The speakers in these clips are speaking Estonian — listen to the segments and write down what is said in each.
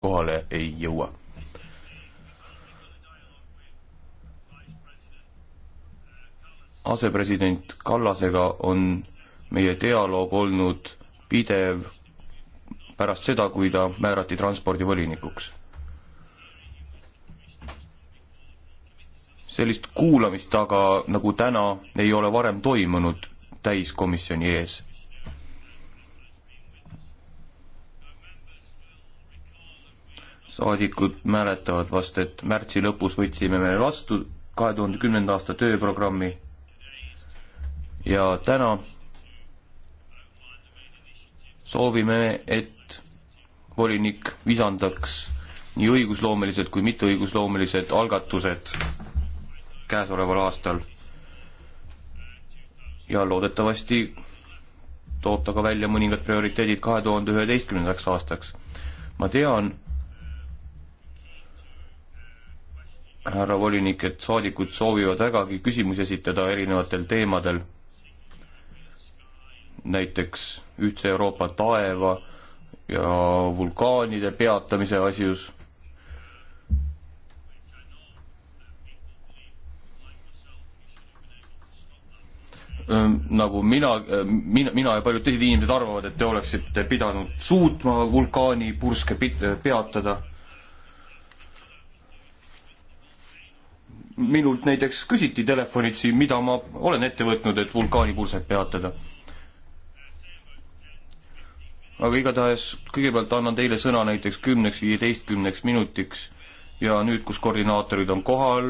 kohale ei jõua. asepresident Kallasega on meie dialoog olnud pidev pärast seda, kui ta määrati transpordivolinikuks. sellist kuulamist aga nagu täna ei ole varem toimunud täiskomisjoni ees saadikud mäletavad vast, et märtsi lõpus võtsime me vastu kahe tuhande kümnenda aasta tööprogrammi ja täna soovime, et volinik visandaks nii õigusloomelised kui mitteõigusloomelised algatused käesoleval aastal. ja loodetavasti toob ta ka välja mõningad prioriteedid kahe tuhande üheteistkümnendaks aastaks. ma tean, härra volinik, et saadikud soovivad vägagi küsimusi esitada erinevatel teemadel, näiteks ühtse Euroopa taeva ja vulkaanide peatamise asjus. nagu mina, mina, mina ja paljud teised inimesed arvavad, et te oleksite pidanud suutma vulkaanipurske pit-, peatada minult näiteks küsiti telefonitsi, mida ma olen ette võtnud, et vulkaanipurset peatada. aga igatahes kõigepealt annan teile sõna näiteks kümneks, viieteistkümneks minutiks ja nüüd, kus koordinaatorid on kohal,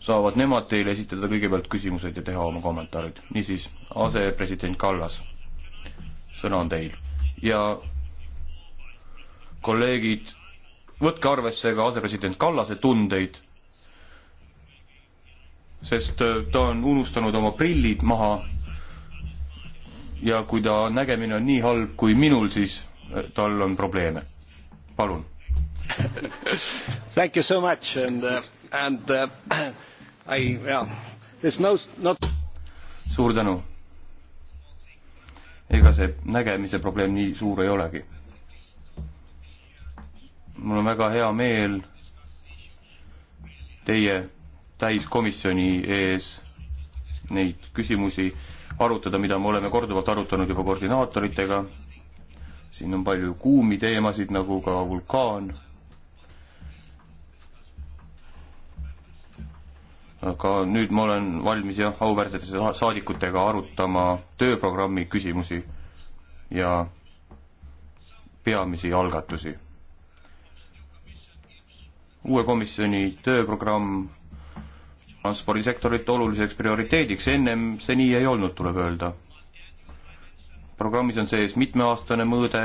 saavad nemad teile esitada kõigepealt küsimused ja teha oma kommentaarid. niisiis, asepresident Kallas, sõna on teil ja kolleegid, võtke arvesse ka asepresident Kallase tundeid sest äh, ta on unustanud oma prillid maha. ja kui ta nägemine on nii halb kui minul, siis äh, tal on probleeme. palun Thank you so much and uh, and uh, I yeah there's no not. suur tänu. ega see nägemise probleem nii suur ei olegi. mul on väga hea meel teie täiskomisjoni ees neid küsimusi arutada, mida me oleme korduvalt arutanud juba koordinaatoritega, siin on palju kuumi teemasid, nagu ka vulkaan, aga nüüd ma olen valmis jah, auväärsete saadikutega arutama tööprogrammi küsimusi ja peamisi algatusi. uue komisjoni tööprogramm transpordisektorit oluliseks prioriteediks, ennem see nii ei olnud, tuleb öelda. programmis on sees mitmeaastane mõõde,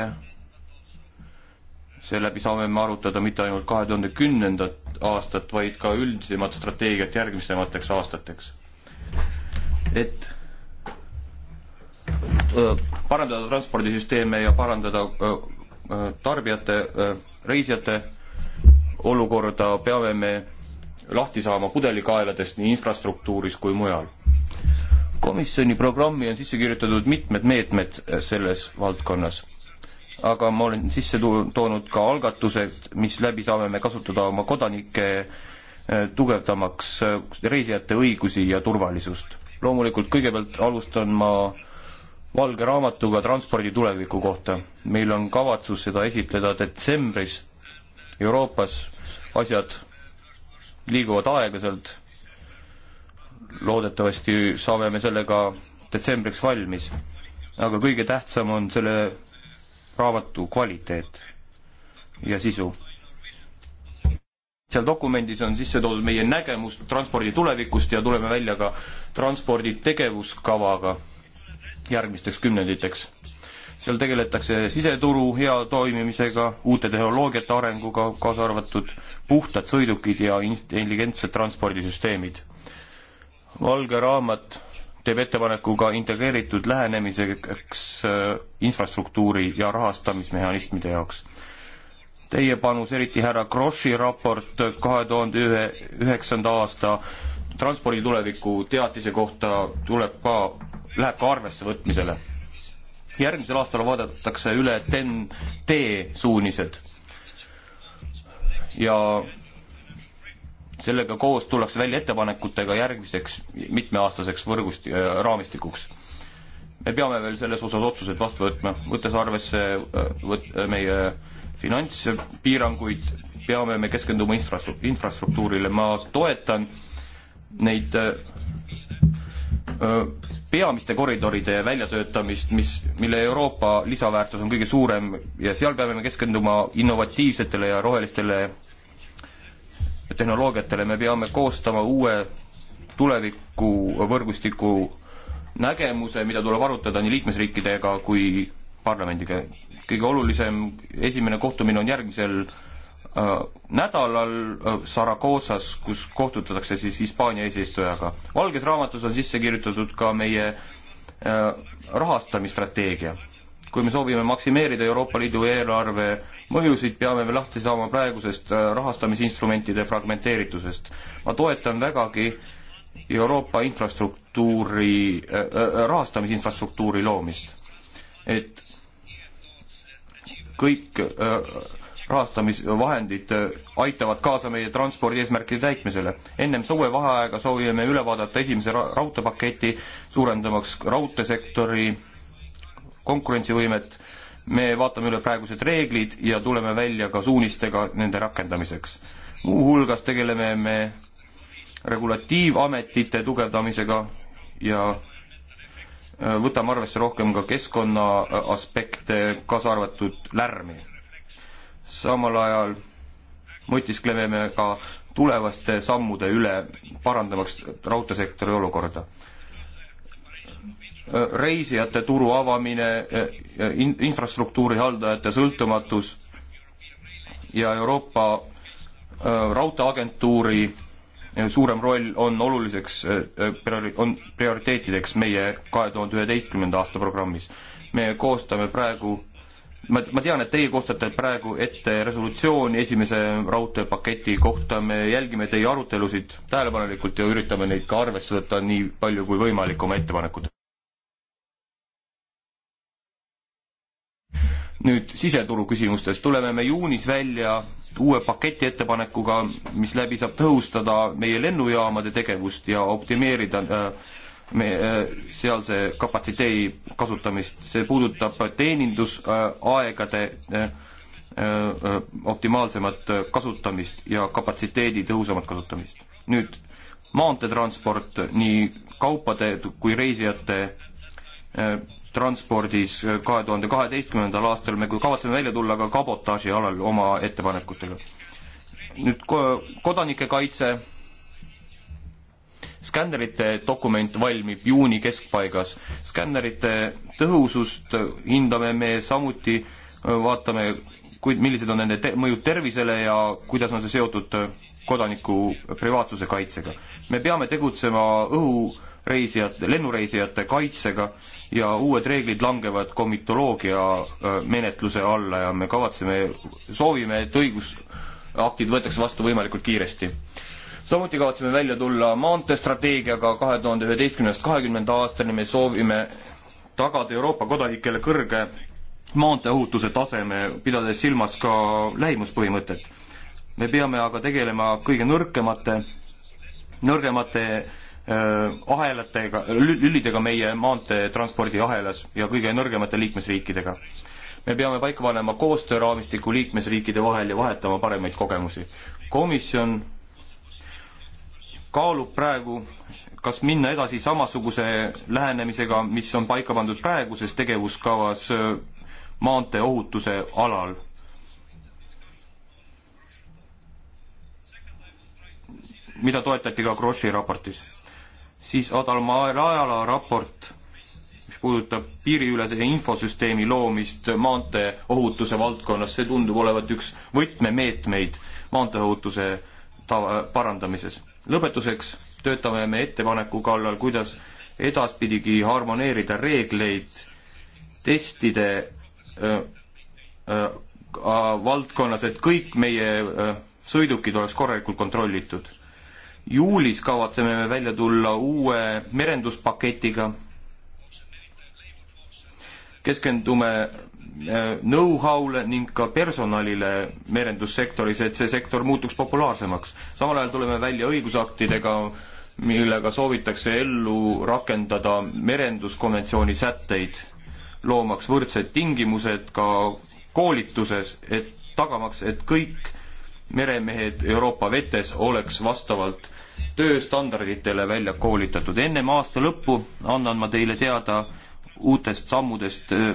seeläbi saame me arutada mitte ainult kahe tuhande kümnendat aastat, vaid ka üldisemat strateegiat järgmisemateks aastateks. et äh, parandada transpordisüsteeme ja parandada äh, äh, tarbijate, reisijate olukorda, peame me lahti saama pudelikaeladest nii infrastruktuuris kui mujal. komisjoni programmi on sisse kirjutatud mitmed meetmed selles valdkonnas, aga ma olen sisse toonud ka algatused, mis läbi saame me kasutada oma kodanike äh, tugevdamaks äh, reisijate õigusi ja turvalisust. loomulikult kõigepealt alustan ma valge raamatuga transpordi tuleviku kohta. meil on kavatsus seda esitleda detsembris Euroopas asjad liiguvad aeglaselt. loodetavasti saame me sellega detsembriks valmis. aga kõige tähtsam on selle raamatu kvaliteet ja sisu. seal dokumendis on sisse toodud meie nägemus transpordi tulevikust ja tuleme välja ka transpordi tegevuskavaga järgmisteks kümnenditeks seal tegeletakse siseturu hea toimimisega, uute tehnoloogiate arenguga, kaasa arvatud puhtad sõidukid ja intelligentsed transpordisüsteemid. valge raamat teeb ettepaneku ka integreeritud lähenemiseks äh, infrastruktuuri ja rahastamismehhanismide jaoks teie panus, eriti härra Grossi raport kahe tuhande ühe, üheksanda aasta transpordi tuleviku teatise kohta tuleb ka, läheb ka arvesse võtmisele järgmisel aastal vaadatakse üle TEN-T suunised ja sellega koos tullakse välja ettepanekutega järgmiseks mitmeaastaseks võrgust- äh,, raamistikuks. me peame veel selles osas otsused vastu võtma, võttes arvesse äh, võt-, äh, meie finantspiiranguid, peame me keskenduma infrastru-, infrastruktuurile, ma toetan neid äh, peamiste koridoride väljatöötamist, mis, mille Euroopa lisaväärtus on kõige suurem ja seal peame me keskenduma innovatiivsetele ja rohelistele tehnoloogiatele, me peame koostama uue tulevikuvõrgustiku nägemuse, mida tuleb arutada nii liikmesriikidega kui parlamendiga. kõige olulisem esimene kohtumine on järgmisel Äh, nädalal äh, Saragoosas, kus kohtutakse siis Hispaania eesistujaga. valges raamatus on sisse kirjutatud ka meie äh, rahastamisstrateegia. kui me soovime maksimeerida Euroopa Liidu eelarve mõjusid, peame me lahti saama praegusest rahastamisinstrumentide fragmenteeritusest. ma toetan vägagi Euroopa infrastruktuuri äh,, rahastamisinfrastruktuuri loomist. et kõik äh, rahastamisvahendid äh, aitavad kaasa meie transpordi eesmärkide täitmisele. ennem suve vaheaega soovime üle vaadata esimese ra raudteepaketi, suurendamaks raudteesektori konkurentsivõimet. me vaatame üle praegused reeglid ja tuleme välja ka suunistega nende rakendamiseks. muuhulgas tegeleme me regulatiivametite tugevdamisega ja äh, võtame arvesse rohkem ka keskkonna äh, aspekte, kaasa arvatud lärmi samal ajal mõtiskleme me ka tulevaste sammude üle, parandamaks raudteesektori olukorda. reisijate turu avamine, in-, infrastruktuuri haldajate sõltumatus ja Euroopa äh, raudteeagentuuri äh, suurem roll on oluliseks äh, priori-, on prioriteetideks meie kahe tuhande üheteistkümnenda aasta programmis. me koostame praegu ma, ma tean, et teie koostate praegu ette resolutsiooni esimese raudteepaketi kohta, me jälgime teie arutelusid tähelepanelikult ja üritame neid ka arvesse võtta nii palju kui võimalik oma ettepanekud. nüüd siseturu küsimustes, tuleme me juunis välja uue paketi ettepanekuga, mis läbi saab tõhustada meie lennujaamade tegevust ja optimeerida äh, me, äh, sealse kapatsiteedi kasutamist, see puudutab teenindusaegade äh, äh, optimaalsemat kasutamist ja kapatsiteedi tõhusamat kasutamist. nüüd maanteetransport nii kaupade kui reisijate transpordis kahe tuhande kaheteistkümnendal aastal me kavatseme välja tulla ka kabotaaži alal oma ettepanekutega. nüüd kodanike kaitse skännerite dokument valmib juuni keskpaigas. skännerite tõhusust hindame me samuti, vaatame, kuid millised on nende te mõjud tervisele ja kuidas on see seotud kodaniku privaatsuse kaitsega. me peame tegutsema õhureisijate, lennureisijate kaitsega ja uued reeglid langevad komitoloogia äh, menetluse alla ja me kavatseme, soovime, et õigusaktid võetakse vastu võimalikult kiiresti samuti kavatseme välja tulla maanteestrateegiaga kahe tuhande üheteistkümnest kahekümnenda aastani, me soovime tagada Euroopa kodanikele kõrge maanteeohutuse taseme, pidades silmas ka lähimuspõhimõtet. me peame aga tegelema kõige nõrkemate, nõrgemate äh, ahelatega, lülidega meie maanteetranspordi ahelas ja kõige nõrgemate liikmesriikidega. me peame paika panema koostööraamistiku liikmesriikide vahel ja vahetama paremaid kogemusi. komisjon kaalub praegu, kas minna edasi samasuguse lähenemisega, mis on paika pandud praeguses tegevuskavas äh, maanteeohutuse alal. mida toetati ka Grossi raportis. siis Adalma-Rajala raport, mis puudutab piiriülese infosüsteemi loomist maanteeohutuse valdkonnas, see tundub olevat üks võtmemeetmeid maanteeohutuse tava, parandamises lõpetuseks töötame me ettepaneku kallal, kuidas edaspidigi harmoneerida reegleid testide äh, äh, valdkonnas, et kõik meie äh, sõidukid oleks korralikult kontrollitud. juulis kavatseme me välja tulla uue merenduspaketiga, keskendume Äh, know-how'le ning ka personalile merendussektoris, et see sektor muutuks populaarsemaks. samal ajal tuleme välja õigusaktidega, millega soovitakse ellu rakendada merenduskonventsiooni sätteid, loomaks võrdsed tingimused ka koolituses, et tagamaks, et kõik meremehed Euroopa vetes oleks vastavalt tööstandarditele välja koolitatud. ennem aasta lõppu annan ma teile teada uutest sammudest äh,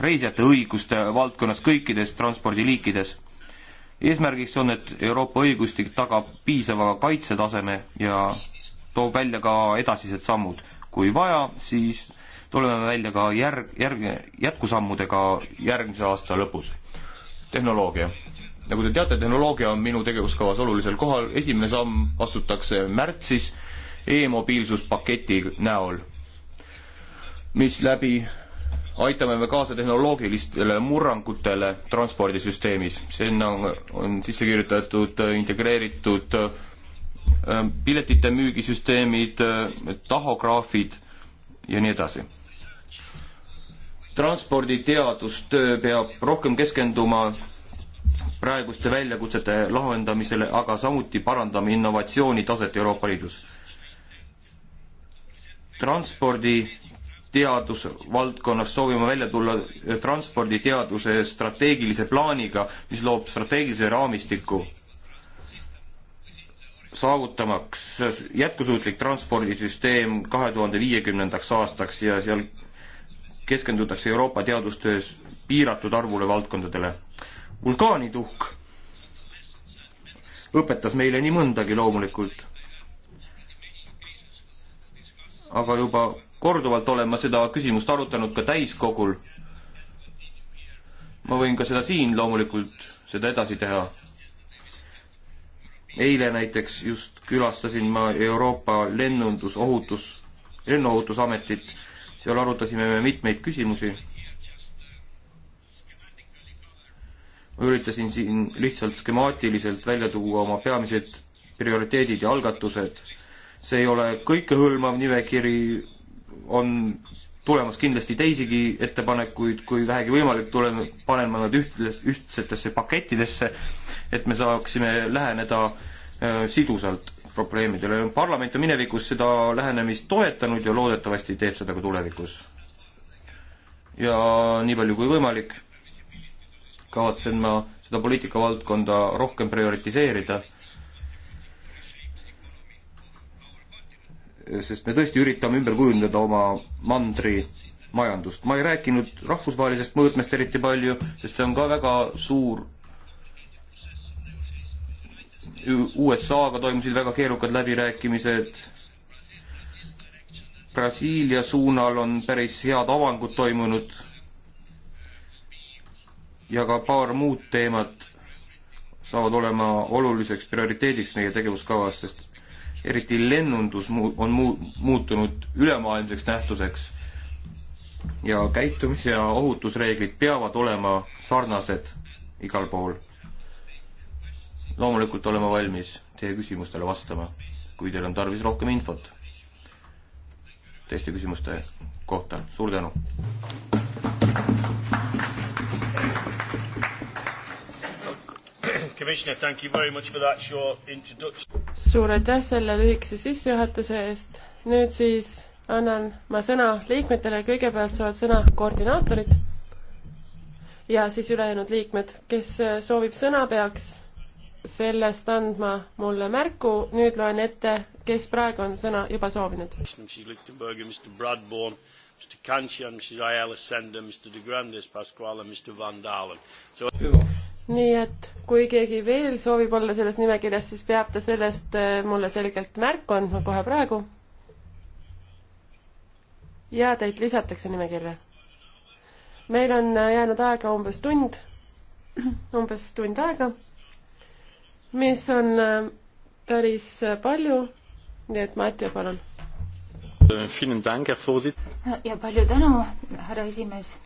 reisijate õiguste valdkonnas kõikides transpordiliikides. eesmärgiks on, et Euroopa õigustik tagab piisava kaitsetaseme ja toob välja ka edasised sammud. kui vaja, siis tuleme välja ka järg, järg, jätkusammudega järgmise aasta lõpus. tehnoloogia. nagu te teate, tehnoloogia on minu tegevuskavas olulisel kohal, esimene samm astutakse märtsis e-mobiilsuspaketi näol, mis läbi aitame me kaasa tehnoloogilistele murrangutele transpordisüsteemis. sinna on, on sisse kirjutatud äh, integreeritud äh, piletite müügisüsteemid, äh, tahograafid ja nii edasi. transporditeadustöö peab rohkem keskenduma praeguste väljakutsete lahendamisele, aga samuti parandame innovatsiooni taset Euroopa Liidus. transpordi teadusvaldkonnas soovime välja tulla transporditeaduse strateegilise plaaniga, mis loob strateegilise raamistiku, saavutamaks jätkusuutlik transpordisüsteem kahe tuhande viiekümnendaks aastaks ja seal keskendutakse Euroopa teadustöös piiratud arvule valdkondadele. vulkaanituhk õpetas meile nii mõndagi loomulikult, aga juba korduvalt olen ma seda küsimust arutanud ka täiskogul. ma võin ka seda siin loomulikult, seda edasi teha. eile näiteks just külastasin ma Euroopa lennundusohutus, lennuohutusametit, seal arutasime me mitmeid küsimusi. ma üritasin siin lihtsalt skemaatiliselt välja tuua oma peamised prioriteedid ja algatused. see ei ole kõikehõlmav nimekiri, on tulemas kindlasti teisigi ettepanekuid, kui vähegi võimalik, tuleme, paneme nad üht-, ühtsetesse pakettidesse, et me saaksime läheneda äh, sidusalt probleemidele. parlament on minevikus seda lähenemist toetanud ja loodetavasti teeb seda ka tulevikus. ja nii palju kui võimalik, kavatsen ma seda poliitikavaldkonda rohkem prioritiseerida sest me tõesti üritame ümber kujundada oma mandri majandust. ma ei rääkinud rahvusvahelisest mõõtmest eriti palju, sest see on ka väga suur. USA-ga toimusid väga keerukad läbirääkimised. Brasiilia suunal on päris head avangud toimunud. ja ka paar muud teemat saavad olema oluliseks prioriteediks meie tegevuskavas, sest eriti lennundus muu-, on muu-, muutunud ülemaailmseks nähtuseks ja käitumise ja ohutusreeglid peavad olema sarnased igal pool. loomulikult oleme valmis teie küsimustele vastama, kui teil on tarvis rohkem infot teiste küsimuste kohta, suur tänu! suur aitäh selle lühikese sissejuhatuse eest. nüüd siis annan ma sõna liikmetele, kõigepealt saavad sõna koordinaatorid ja siis ülejäänud liikmed, kes soovib sõna, peaks sellest andma mulle märku. nüüd loen ette, kes praegu on sõna juba soovinud. Mr. Kanchian, Mrs. Ayala Sender, Mr. De Grandes Pasquale, Mr. Van Dalen. So... Hüva nii et kui keegi veel soovib olla selles nimekirjas, siis peab ta sellest äh, mulle selgelt märku andma kohe praegu. ja teid lisatakse nimekirja. meil on äh, jäänud aega umbes tund, umbes tund aega, mis on äh, päris palju, nii et Matja, palun. ja palju tänu, härra esimees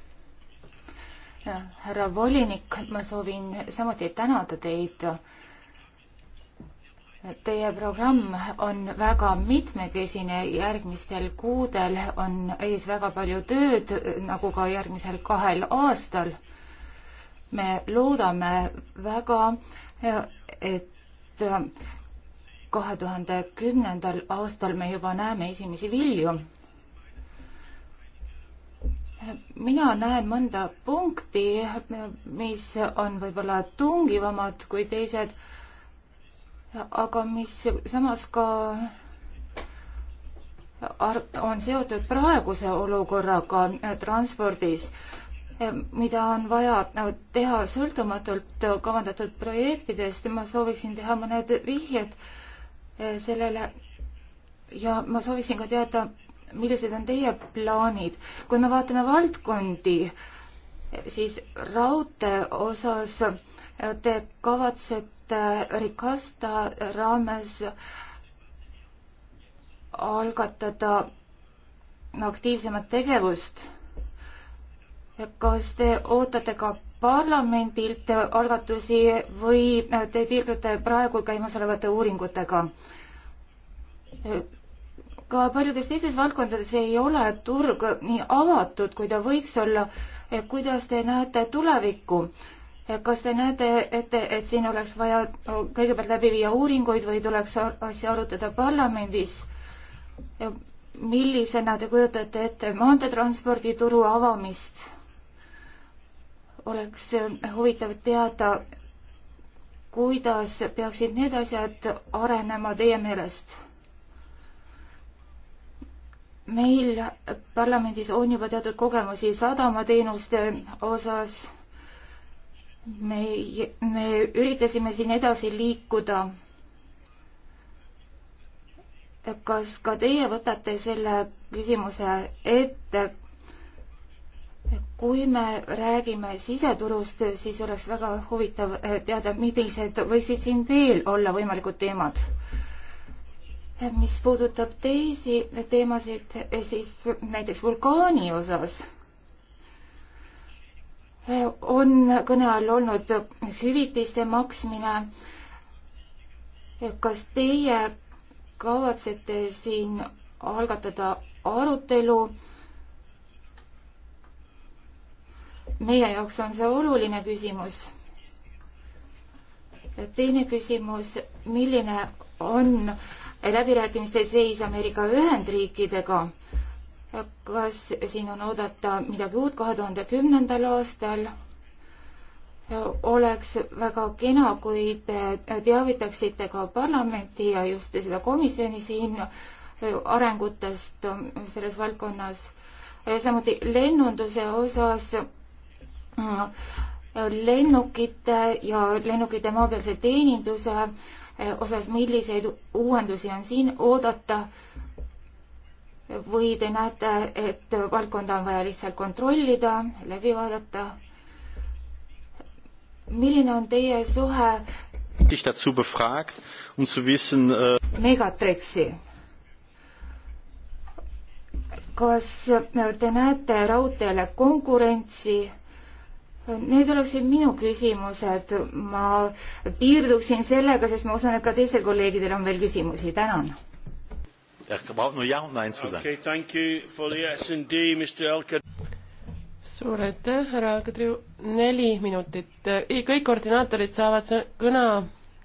härra volinik, ma soovin samuti tänada teid. Teie programm on väga mitmekesine, järgmistel kuudel on ees väga palju tööd, nagu ka järgmisel kahel aastal. me loodame väga, et kahe tuhande kümnendal aastal me juba näeme esimesi vilju mina näen mõnda punkti, mis on võib-olla tungivamad kui teised, aga mis samas ka on seotud praeguse olukorraga transpordis, mida on vaja teha sõltumatult kavandatud projektidest. ma sooviksin teha mõned vihjed sellele ja ma sooviksin ka teada, millised on teie plaanid? kui me vaatame valdkondi, siis raudtee osas te kavatsete Ricasta raames algatada aktiivsemat tegevust. kas te ootate ka parlamendilt algatusi või te piirdute praegu käimasolevate uuringutega? ka paljudes teistes valdkondades ei ole turg nii avatud, kui ta võiks olla. kuidas te näete tulevikku? kas te näete, et, et siin oleks vaja kõigepealt läbi viia uuringuid või tuleks asja arutada parlamendis? millisena te kujutate ette maanteetranspordituru avamist? oleks huvitav teada, kuidas peaksid need asjad arenema teie meelest meil parlamendis on juba teatud kogemusi sadamateenuste osas. me, me üritasime siin edasi liikuda. kas ka teie võtate selle küsimuse ette? kui me räägime siseturust, siis oleks väga huvitav teada, millised võiksid siin veel olla võimalikud teemad mis puudutab teisi teemasid, siis näiteks vulkaani osas on kõne all olnud hüvitiste maksmine. kas teie kavatsete siin algatada arutelu? meie jaoks on see oluline küsimus. teine küsimus, milline on äh, läbirääkimiste seis Ameerika Ühendriikidega. kas siin on oodata midagi uut kahe tuhande kümnendal aastal? oleks väga kena, kui te teavitaksite ka parlamenti ja just seda komisjoni siin arengutest selles valdkonnas. samuti lennunduse osas lennukite ja lennukite maapealse teeninduse osas, milliseid uuendusi on siin oodata või te näete, et valdkonda on vaja lihtsalt kontrollida, läbi vaadata? milline on teie suhe äh, megatriksi? kas te näete raudteele konkurentsi Need oleksid minu küsimused, ma piirduksin sellega, sest ma usun, et ka teistel kolleegidel on veel küsimusi, tänan. suur aitäh, härra Kadriu, neli minutit, kõik koordinaatorid saavad kõne,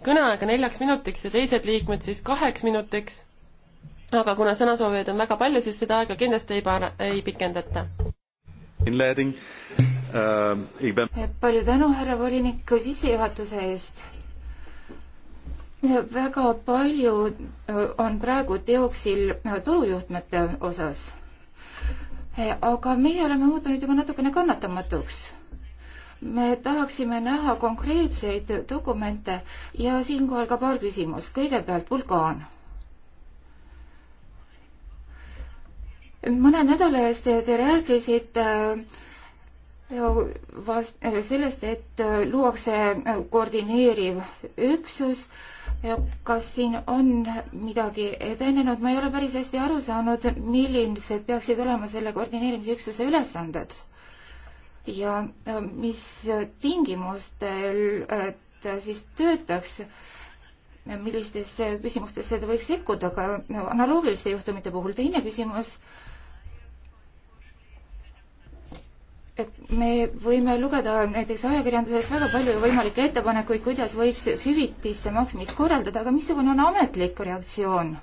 kõneaega neljaks minutiks ja teised liikmed siis kaheks minutiks. aga kuna sõnasoovijaid on väga palju, siis seda aega kindlasti ei, ei pikendata. Ähm, palju tänu, härra volinik, ka sissejuhatuse eest. väga palju äh, on praegu teoksil äh, turujuhtmete osas. Äh, aga meie oleme muutunud juba natukene kannatamatuks me tahaksime näha konkreetseid dokumente ja siinkohal ka paar küsimust. kõigepealt vulkaan. mõne nädala eest te rääkisite äh, vast-, äh, sellest, et äh, luuakse koordineeriv üksus. kas siin on midagi edenenud, ma ei ole päris hästi aru saanud, millised peaksid olema selle koordineerimisüksuse ülesanded ja mis tingimustel ta siis töötaks millistesse küsimustesse ta võiks sekkuda, aga analoogiliste juhtumite puhul teine küsimus äh, et me võime lugeda näiteks ajakirjandusest väga palju võimalikke ettepanekuid, kuidas võiks hüvitiste maksmist korraldada, aga missugune on ametlik reaktsioon?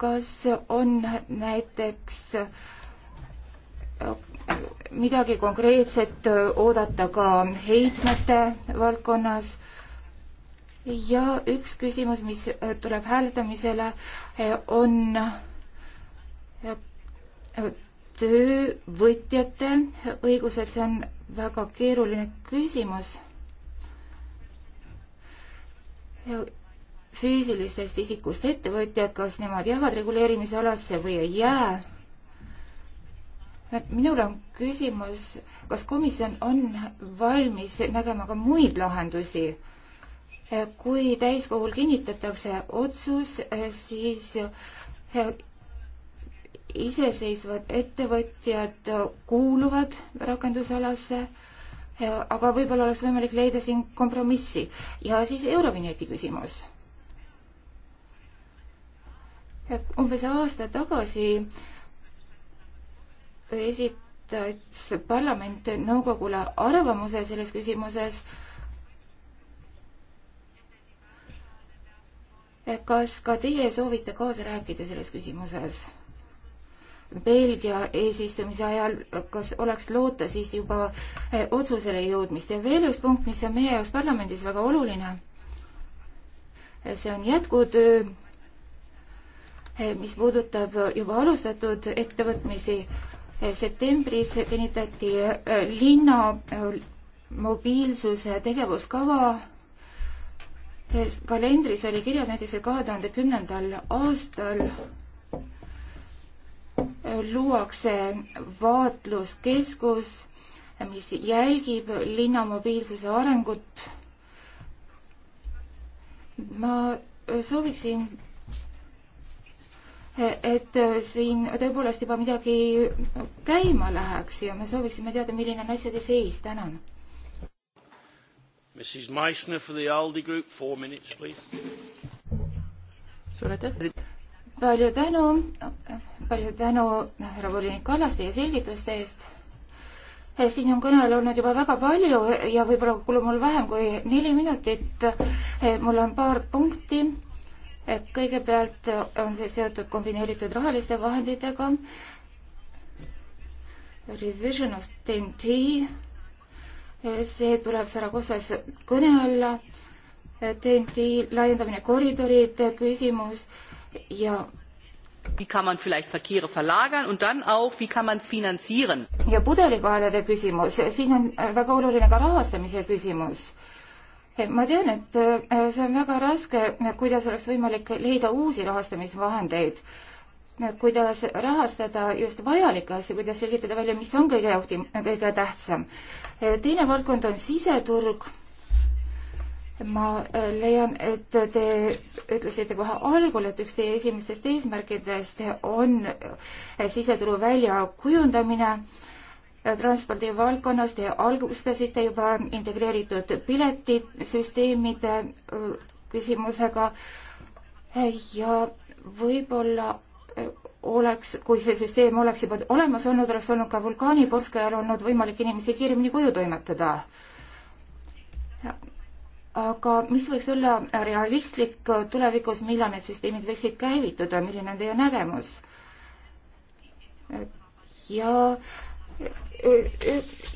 kas on näiteks äh, midagi konkreetset oodata ka heitmete valdkonnas? ja üks küsimus, mis tuleb hääletamisele, on töövõtjate õigused, see on väga keeruline küsimus. füüsilistest isikust ettevõtjad, kas nemad jäävad reguleerimise alasse või ei jää? minul on küsimus, kas komisjon on valmis nägema ka muid lahendusi? kui täiskogul kinnitatakse otsus, siis iseseisvad ettevõtjad kuuluvad rakendusalasse, aga võib-olla oleks võimalik leida siin kompromissi. ja siis Eurovinjeti küsimus. umbes aasta tagasi esitas parlament nõukogule arvamuse selles küsimuses kas ka teie soovite kaasa rääkida selles küsimuses? Belgia eesistumise ajal, kas oleks loota siis juba eh, otsusele jõudmist ja veel üks punkt, mis on meie jaoks parlamendis väga oluline. see on jätkutöö, eh, mis puudutab juba alustatud ettevõtmisi. Eh, septembris kinnitati linna mobiilsuse tegevuskava kalendris oli kirjas näiteks, et kahe tuhande kümnendal aastal luuakse vaatluskeskus, mis jälgib linna mobiilsuse arengut. ma sooviksin, et siin tõepoolest juba midagi käima läheks ja me sooviksime teada, milline on asjade seis. tänan. Mrs Meissner for the ALDE group, four minutes please. suur aitäh palju tänu, palju tänu, härra volinik Kallas, teie selgituste eest. siin on kõnel olnud juba väga palju ja võib-olla kulub mul vähem kui neli minutit. Eh, mul on paar punkti. Eh, kõigepealt on see seotud kombineeritud rahaliste vahenditega. Revision of TNT, eh, see tuleb Saragossas kõne alla. TNT laiendamine, koridorid, küsimus ja wie kann man vielleicht Verkehre verlagern und dann auch, wie kann man es finanzieren? ja pudelikaelade küsimus, siin on äh, väga oluline ka rahastamise küsimus. Äh, ma tean, et äh, see on väga raske, kuidas oleks võimalik leida uusi rahastamisvahendeid, kuidas rahastada just vajalikke asju, kuidas selgitada välja, mis on kõige, kõige tähtsam. teine valdkond on siseturg ma äh, leian, et te ütlesite kohe algul, et üks teie esimestest eesmärkidest on äh, siseturu väljakujundamine äh, transpordi valdkonnas. Te algustasite juba integreeritud piletisüsteemide küsimusega ja võib-olla oleks, kui see süsteem oleks juba olemas olnud, oleks olnud ka vulkaanipurske ajal olnud võimalik inimesi kiiremini koju toimetada aga mis võiks olla realistlik tulevikus, millal need süsteemid võiksid käivituda, milline on teie nägemus? ja,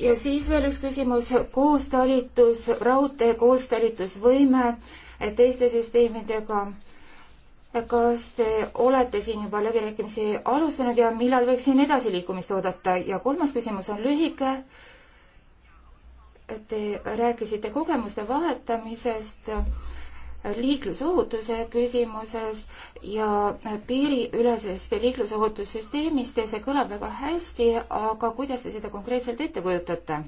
ja siis veel üks küsimus, koostalitus, raudtee koostalitusvõime teiste süsteemidega. kas te olete siin juba läbirääkimisi alustanud ja millal võiks siin edasiliikumist oodata? ja kolmas küsimus on lühike te rääkisite kogemuste vahetamisest liiklusohutuse küsimuses ja piiriülesest liiklusohutussüsteemist ja see kõlab väga hästi, aga kuidas te seda konkreetselt ette kujutate?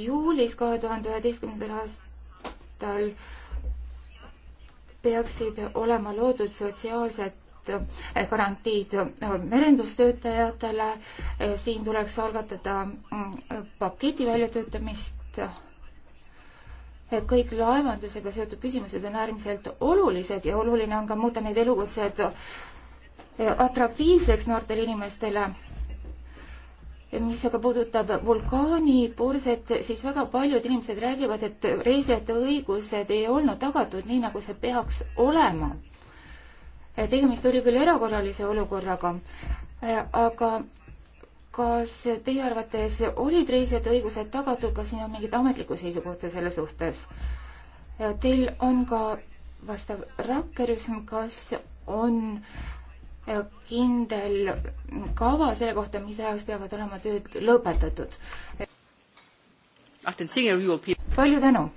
juulis kahe tuhande üheteistkümnendal aastal peaksid olema loodud sotsiaalsed suured eh, garantiid eh, merendustöötajatele, eh, siin tuleks algatada mm, paketi väljatöötamist. kõik laevandusega seotud küsimused on äärmiselt olulised ja oluline on ka muuta need elukutsed atraktiivseks noortele inimestele mis aga puudutab vulkaanipurset, siis väga paljud inimesed räägivad, et reisijate õigused ei olnud tagatud nii, nagu see peaks olema tegemist oli küll erakorralise olukorraga, äh, aga kas teie arvates olid reisijate õigused tagatud, kas siin on mingit ametlikku seisukohta selle suhtes? Teil on ka vastav rakkerühm, kas on äh, kindel kava selle kohta, mis ajaks peavad olema tööd lõpetatud? palju tänu!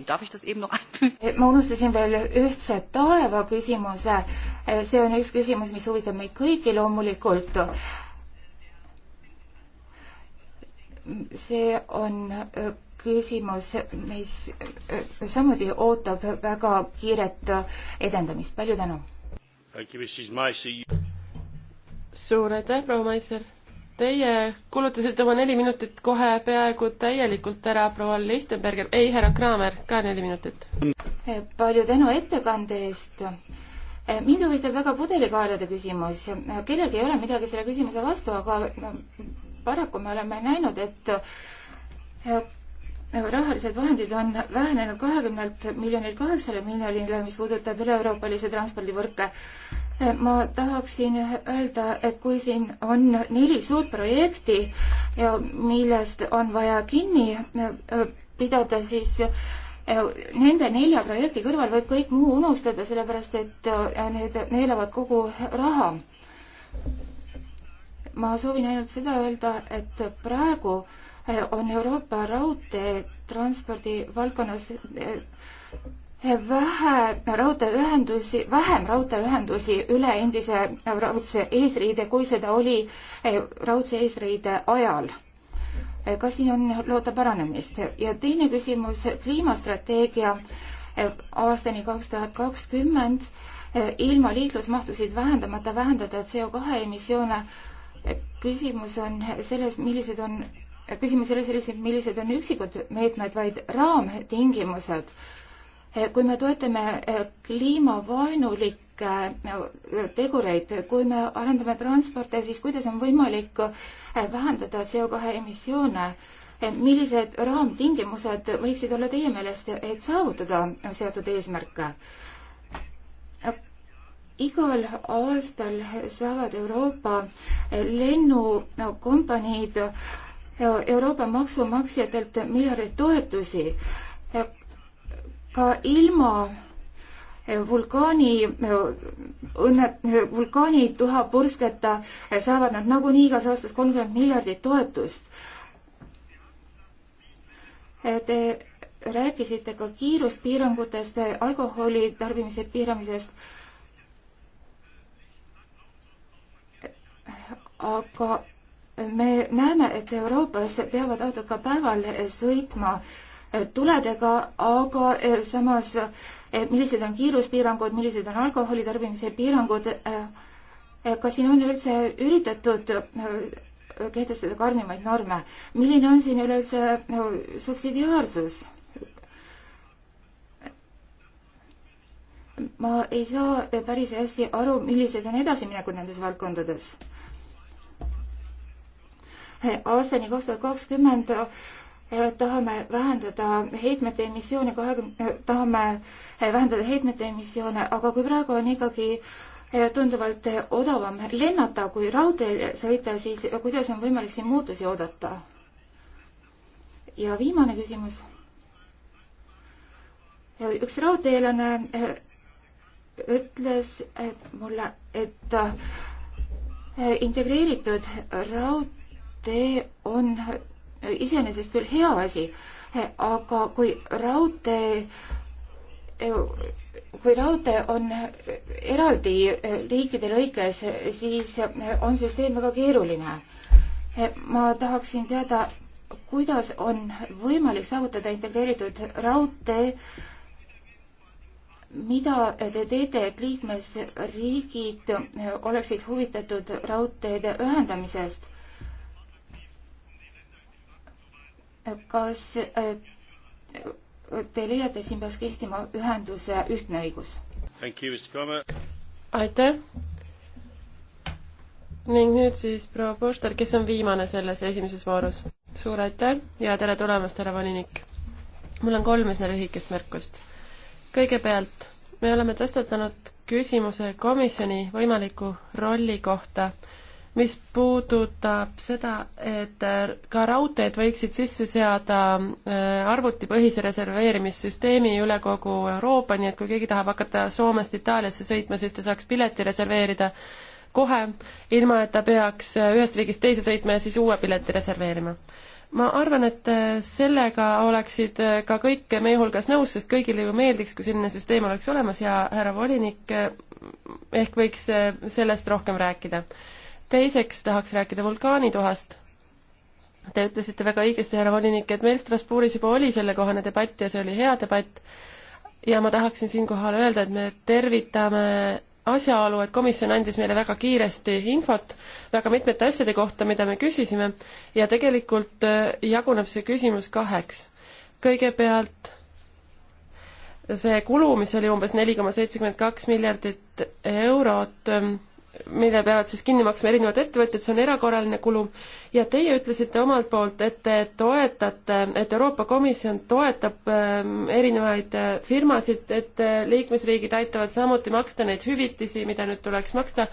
Äh, ma unustasin veel ühtse taeva küsimuse. Äh, see on üks küsimus, mis huvitab meid kõiki loomulikult. see on äh, küsimus, mis samuti ootab väga kiiret edendamist. palju tänu! suur aitäh, proua Maiser! Teie kulutasite oma neli minutit kohe peaaegu täielikult ära, proua Lichtenberger, ei, härra Kraamer, ka neli minutit. palju tänu ettekande eest. mind huvitab väga pudelikaelade küsimus. kellelgi ei ole midagi selle küsimuse vastu, aga paraku me oleme näinud, et rahalised vahendid on vähenenud kahekümnelt miljonilt kaheksale miljonile, mis puudutab üle-euroopalisi transpordivõrke ma tahaksin öelda, et kui siin on neli suurt projekti, millest on vaja kinni äh, äh, pidada, siis äh, nende nelja projekti kõrval võib kõik muu unustada, sellepärast et need neelavad kogu raha. ma soovin ainult seda öelda, et praegu on Euroopa raudteetranspordi valdkonnas vähe raudteeühendusi, vähem raudteeühendusi üle endise raudse eesriide, kui seda oli eh, raudse eesriide ajal. Eh, kas siin on loota paranemist? ja teine küsimus, kliimastrateegia eh, aastani kaks tuhat kakskümmend ilma liiklusmahtusid vähendamata vähendada CO2 emissioone. küsimus on selles, millised on, küsimus ei ole selles, millised on üksikud meetmed, vaid raamtingimused Eh, kui me toetame eh, kliimavaenulikke eh, tegureid, kui me arendame transporte, siis kuidas on võimalik vähendada CO2 emissioone? millised raamtingimused võiksid olla teie meelest, et saavutada seatud eesmärke? igal aastal saavad Euroopa lennukompaniid Euroopa maksumaksjatelt miljardeid toetusi ilma eh, vulkaani eh, õnnet, eh, vulkaani tuha pursketa saavad nad nagunii igas aastas kolmkümmend miljardit toetust. Te rääkisite ka kiiruspiirangutest, alkoholi tarbimise piiramisest. aga me näeme, et Euroopas peavad autod ka päeval sõitma äh, Eh, tuledega, aga eh, samas eh, millised on kiiruspiirangud, millised on alkoholi tarbimise piirangud, kas siin on üldse üritatud kehtestada karmimaid norme, milline on siin üleüldse no, subsidiaarsus? ma ei saa päris hästi aru, millised on edasiminekud nendes valdkondades aastani kaks tuhat kakskümmend tahame vähendada heitmete emissioone kahekümne, eh, tahame eh, vähendada heitmete emissioone, aga kui praegu on ikkagi eh, tunduvalt odavam lennata kui raudteel sõita, siis kuidas on võimalik siin muutusi oodata? ja viimane küsimus. üks raudteelane ütles mulle, et integreeritud raudtee on iseenesest küll hea asi, aga kui raudtee, kui raudtee on eraldi liikide lõikes, siis on süsteem väga keeruline. ma tahaksin teada, kuidas on võimalik saavutada integreeritud raudtee, mida te teete, et liikmesriigid oleksid huvitatud raudteede ühendamisest? kas äh, te leiate, siin peaks kehtima ühenduse ühtne õigus? aitäh! ning nüüd siis proua Poster, kes on viimane selles esimeses voorus. suur aitäh ja tere tulemast, härra volinik! mul on kolm üsna lühikest märkust. kõigepealt, me oleme tõstatanud küsimuse komisjoni võimaliku rolli kohta mis puudutab seda, et ka raudteed võiksid sisse seada äh, arvutipõhise reserveerimissüsteemi üle kogu Euroopa, nii et kui keegi tahab hakata Soomest Itaaliasse sõitma, siis ta saaks pileti reserveerida kohe, ilma et ta peaks ühest riigist teise sõitma ja siis uue pileti reserveerima. ma arvan, et sellega oleksid ka kõik meie hulgas nõus, sest kõigile ju meeldiks, kui selline süsteem oleks olemas ja härra volinik eh, ehk võiks eh, sellest rohkem rääkida teiseks tahaks rääkida vulkaanitohast. Te ütlesite väga õigesti, härra volinik, et meil Strasbourgis juba oli sellekohane debatt ja see oli hea debatt. ja ma tahaksin siinkohal öelda, et me tervitame asjaolu, et komisjon andis meile väga kiiresti infot väga mitmete asjade kohta, mida me küsisime ja tegelikult äh, jaguneb see küsimus kaheks. kõigepealt see kulu, mis oli umbes neli koma seitsekümmend kaks miljardit eurot ähm, mille peavad siis kinni maksma erinevad ettevõtjad, see on erakorraline kulu, ja teie ütlesite omalt poolt, et te toetate, et Euroopa Komisjon toetab ähm, erinevaid äh, firmasid, et äh, liikmesriigid aitavad samuti maksta neid hüvitisi, mida nüüd tuleks maksta,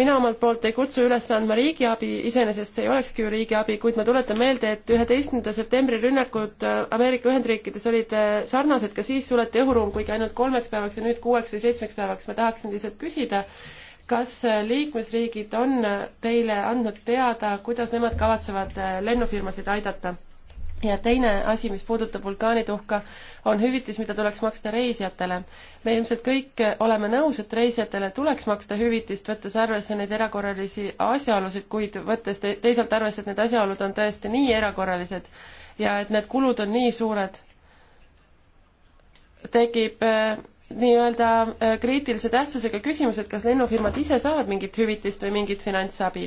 mina omalt poolt ei kutsu üles andma riigiabi, iseenesest see ei olekski ju riigiabi, kuid ma tuletan meelde, et üheteistkümnenda septembri rünnakud äh, Ameerika Ühendriikides olid sarnased, ka siis suleti õhuruum, kuigi ainult kolmeks päevaks ja nüüd kuueks või seitsmeks päevaks. ma tahaksin lihtsalt küsida, kas äh, liikmesriigid on äh, teile andnud teada, kuidas nemad kavatsevad äh, lennufirmasid aidata? ja teine asi, mis puudutab vulkaanituhka, on hüvitis, mida tuleks maksta reisijatele. me ilmselt kõik oleme nõus, et reisijatele tuleks maksta hüvitist, võttes arvesse neid erakorralisi asjaolusid, kuid võttes te teisalt arvesse, et need asjaolud on tõesti nii erakorralised ja et need kulud on nii suured, tekib nii-öelda äh, kriitilise tähtsusega küsimus, et kas lennufirmad ise saavad mingit hüvitist või mingit finantsabi,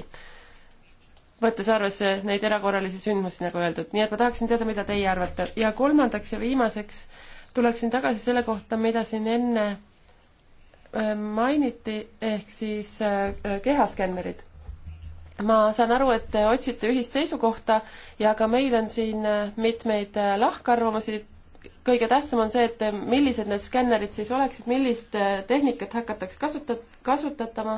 võttes arvesse neid erakorralisi sündmusi, nagu öeldud. nii et ma tahaksin teada, mida teie arvate. ja kolmandaks ja viimaseks tuleksin tagasi selle kohta, mida siin enne äh, mainiti, ehk siis äh, kehaskännerid. ma saan aru, et te otsite ühist seisukohta ja ka meil on siin mitmeid lahkarvamusi kõige tähtsam on see, et millised need skännerid siis oleksid, millist äh, tehnikat hakatakse kasuta-, kasutatama.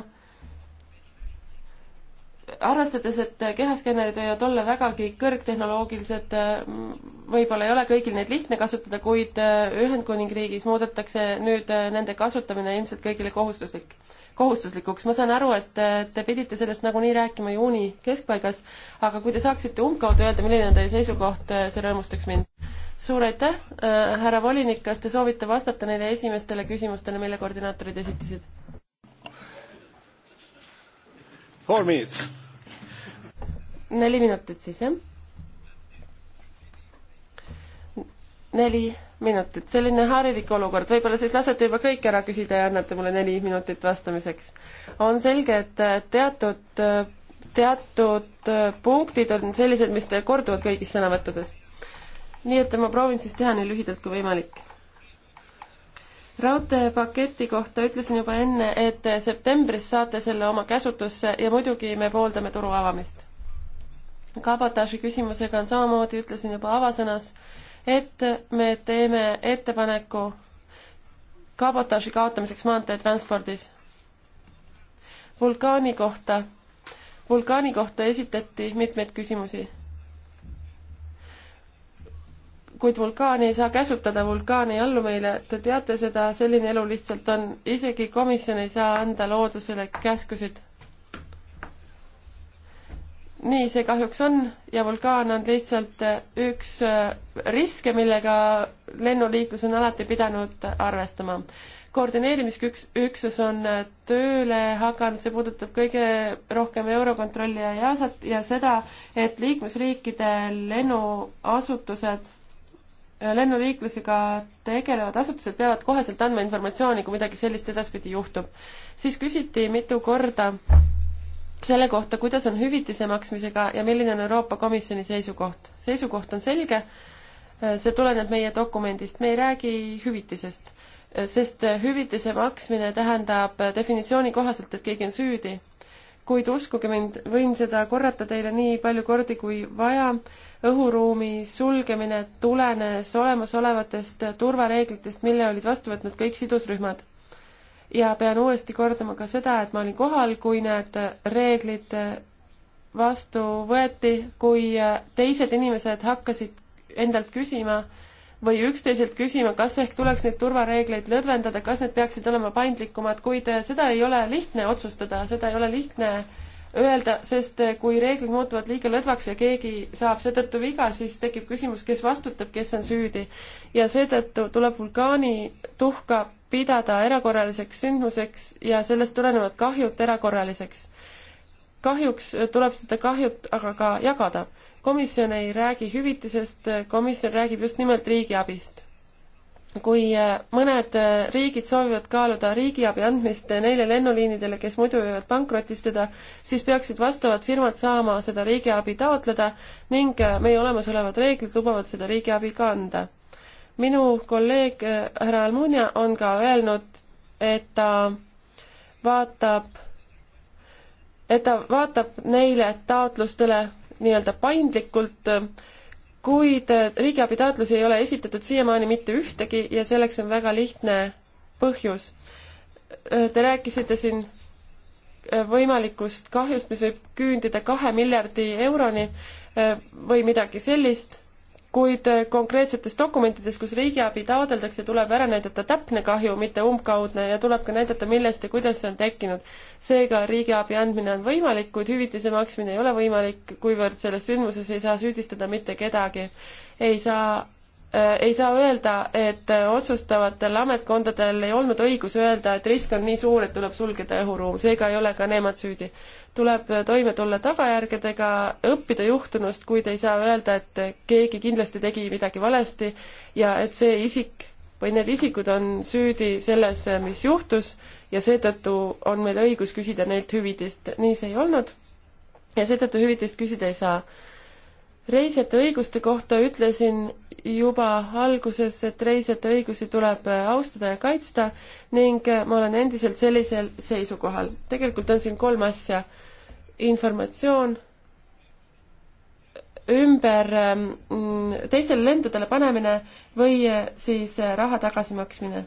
arvestades, et äh, kehaskännerid võivad olla vägagi kõrgtehnoloogilised, äh, võib-olla ei ole kõigil neid lihtne kasutada, kuid Ühendkuningriigis muudetakse nüüd nende kasutamine ilmselt kõigile kohustuslik, kohustuslikuks. ma saan aru, et te pidite sellest nagunii rääkima juuni keskpaigas, aga kui te saaksite umbkaudu öelda, milline on teie seisukoht, see rõõmustaks mind suur aitäh, äh, härra volinik, kas te soovite vastata neile esimestele küsimustele, mille koordinaatorid esitasid? Four minutes. neli minutit siis, jah? neli minutit, selline harilik olukord, võib-olla siis lasete juba kõik ära küsida ja annate mulle neli minutit vastamiseks. on selge, et äh, teatud, äh, teatud punktid on sellised, mis korduvad kõigis sõnavõttudes nii et ma proovin siis teha nii lühidalt kui võimalik raudteepaketi kohta ütlesin juba enne, et septembris saate selle oma käsutusse ja muidugi me pooldame turu avamist. kabotaaži küsimusega on samamoodi, ütlesin juba avasõnas, et me teeme ettepaneku kabotaaži kaotamiseks maanteetranspordis. vulkaani kohta, vulkaani kohta esitati mitmeid küsimusi kuid vulkaan ei saa käsutada, vulkaan ei allu meile, te teate seda, selline elu lihtsalt on, isegi komisjon ei saa anda loodusele käskusid. nii see kahjuks on ja vulkaan on lihtsalt äh, üks äh, riske, millega lennuliiklus on alati pidanud arvestama. koordineerimisüksus on äh, tööle hakanud, see puudutab kõige rohkem Eurokontrolli ja EASA-t ja seda, et liikmesriikide lennuasutused lennuliiklusega tegelevad asutused peavad koheselt andma informatsiooni, kui midagi sellist edaspidi juhtub. siis küsiti mitu korda selle kohta, kuidas on hüvitise maksmisega ja milline on Euroopa Komisjoni seisukoht. seisukoht on selge, see tuleneb meie dokumendist, me ei räägi hüvitisest, sest hüvitise maksmine tähendab definitsiooni kohaselt, et keegi on süüdi kuid uskuge mind, võin seda korrata teile nii palju kordi kui vaja, õhuruumi sulgemine tulenes olemasolevatest turvareeglitest, mille olid vastu võtnud kõik sidusrühmad. ja pean uuesti kordama ka seda, et ma olin kohal, kui need reeglid vastu võeti, kui teised inimesed hakkasid endalt küsima, või üksteiselt küsima, kas ehk tuleks neid turvareegleid lõdvendada, kas need peaksid olema paindlikumad, kuid äh, seda ei ole lihtne otsustada, seda ei ole lihtne öelda, sest äh, kui reeglid muutuvad liiga lõdvaks ja keegi saab seetõttu viga, siis tekib küsimus, kes vastutab, kes on süüdi. ja seetõttu tuleb vulkaani tuhka pidada erakorraliseks sündmuseks ja sellest tulenevad kahjud erakorraliseks kahjuks tuleb seda kahjut aga ka jagada. komisjon ei räägi hüvitisest, komisjon räägib just nimelt riigiabist. kui äh, mõned äh, riigid soovivad kaaluda riigiabi andmist neile lennuliinidele, kes muidu võivad pankrotistuda, siis peaksid vastavad firmad saama seda riigiabi taotleda ning äh, meie olemasolevad reeglid lubavad seda riigiabi ka anda. minu kolleeg härra Almunia on ka öelnud, et ta vaatab et ta vaatab neile taotlustele nii-öelda paindlikult, kuid riigiabi taotlusi ei ole esitatud siiamaani mitte ühtegi ja selleks on väga lihtne põhjus. Te rääkisite siin võimalikust kahjust, mis võib küündida kahe miljardi euroni või midagi sellist kuid äh, konkreetsetes dokumentides, kus riigiabi taodeldakse, tuleb ära näidata täpne kahju, mitte umbkaudne ja tuleb ka näidata, millest ja kuidas see on tekkinud. seega riigiabi andmine on võimalik, kuid hüvitise maksmine ei ole võimalik, kuivõrd selles sündmuses ei saa süüdistada mitte kedagi. ei saa Äh, ei saa öelda, et äh, otsustavatel ametkondadel ei olnud õigus öelda, et risk on nii suur, et tuleb sulgeda õhuruum, seega ei ole ka nemad süüdi. tuleb äh, toime tulla tagajärgedega, õppida juhtunust, kuid ei saa öelda, et keegi kindlasti tegi midagi valesti ja et see isik või need isikud on süüdi selles, mis juhtus ja seetõttu on meil õigus küsida neilt hüvitist. nii see ei olnud ja seetõttu hüvitist küsida ei saa. reisijate õiguste kohta ütlesin juba alguses, et reisijate õigusi tuleb austada ja kaitsta ning ma olen endiselt sellisel seisukohal. tegelikult on siin kolm asja. informatsioon, ümber ähm, teistele lendudele panemine või äh, siis äh, raha tagasimaksmine.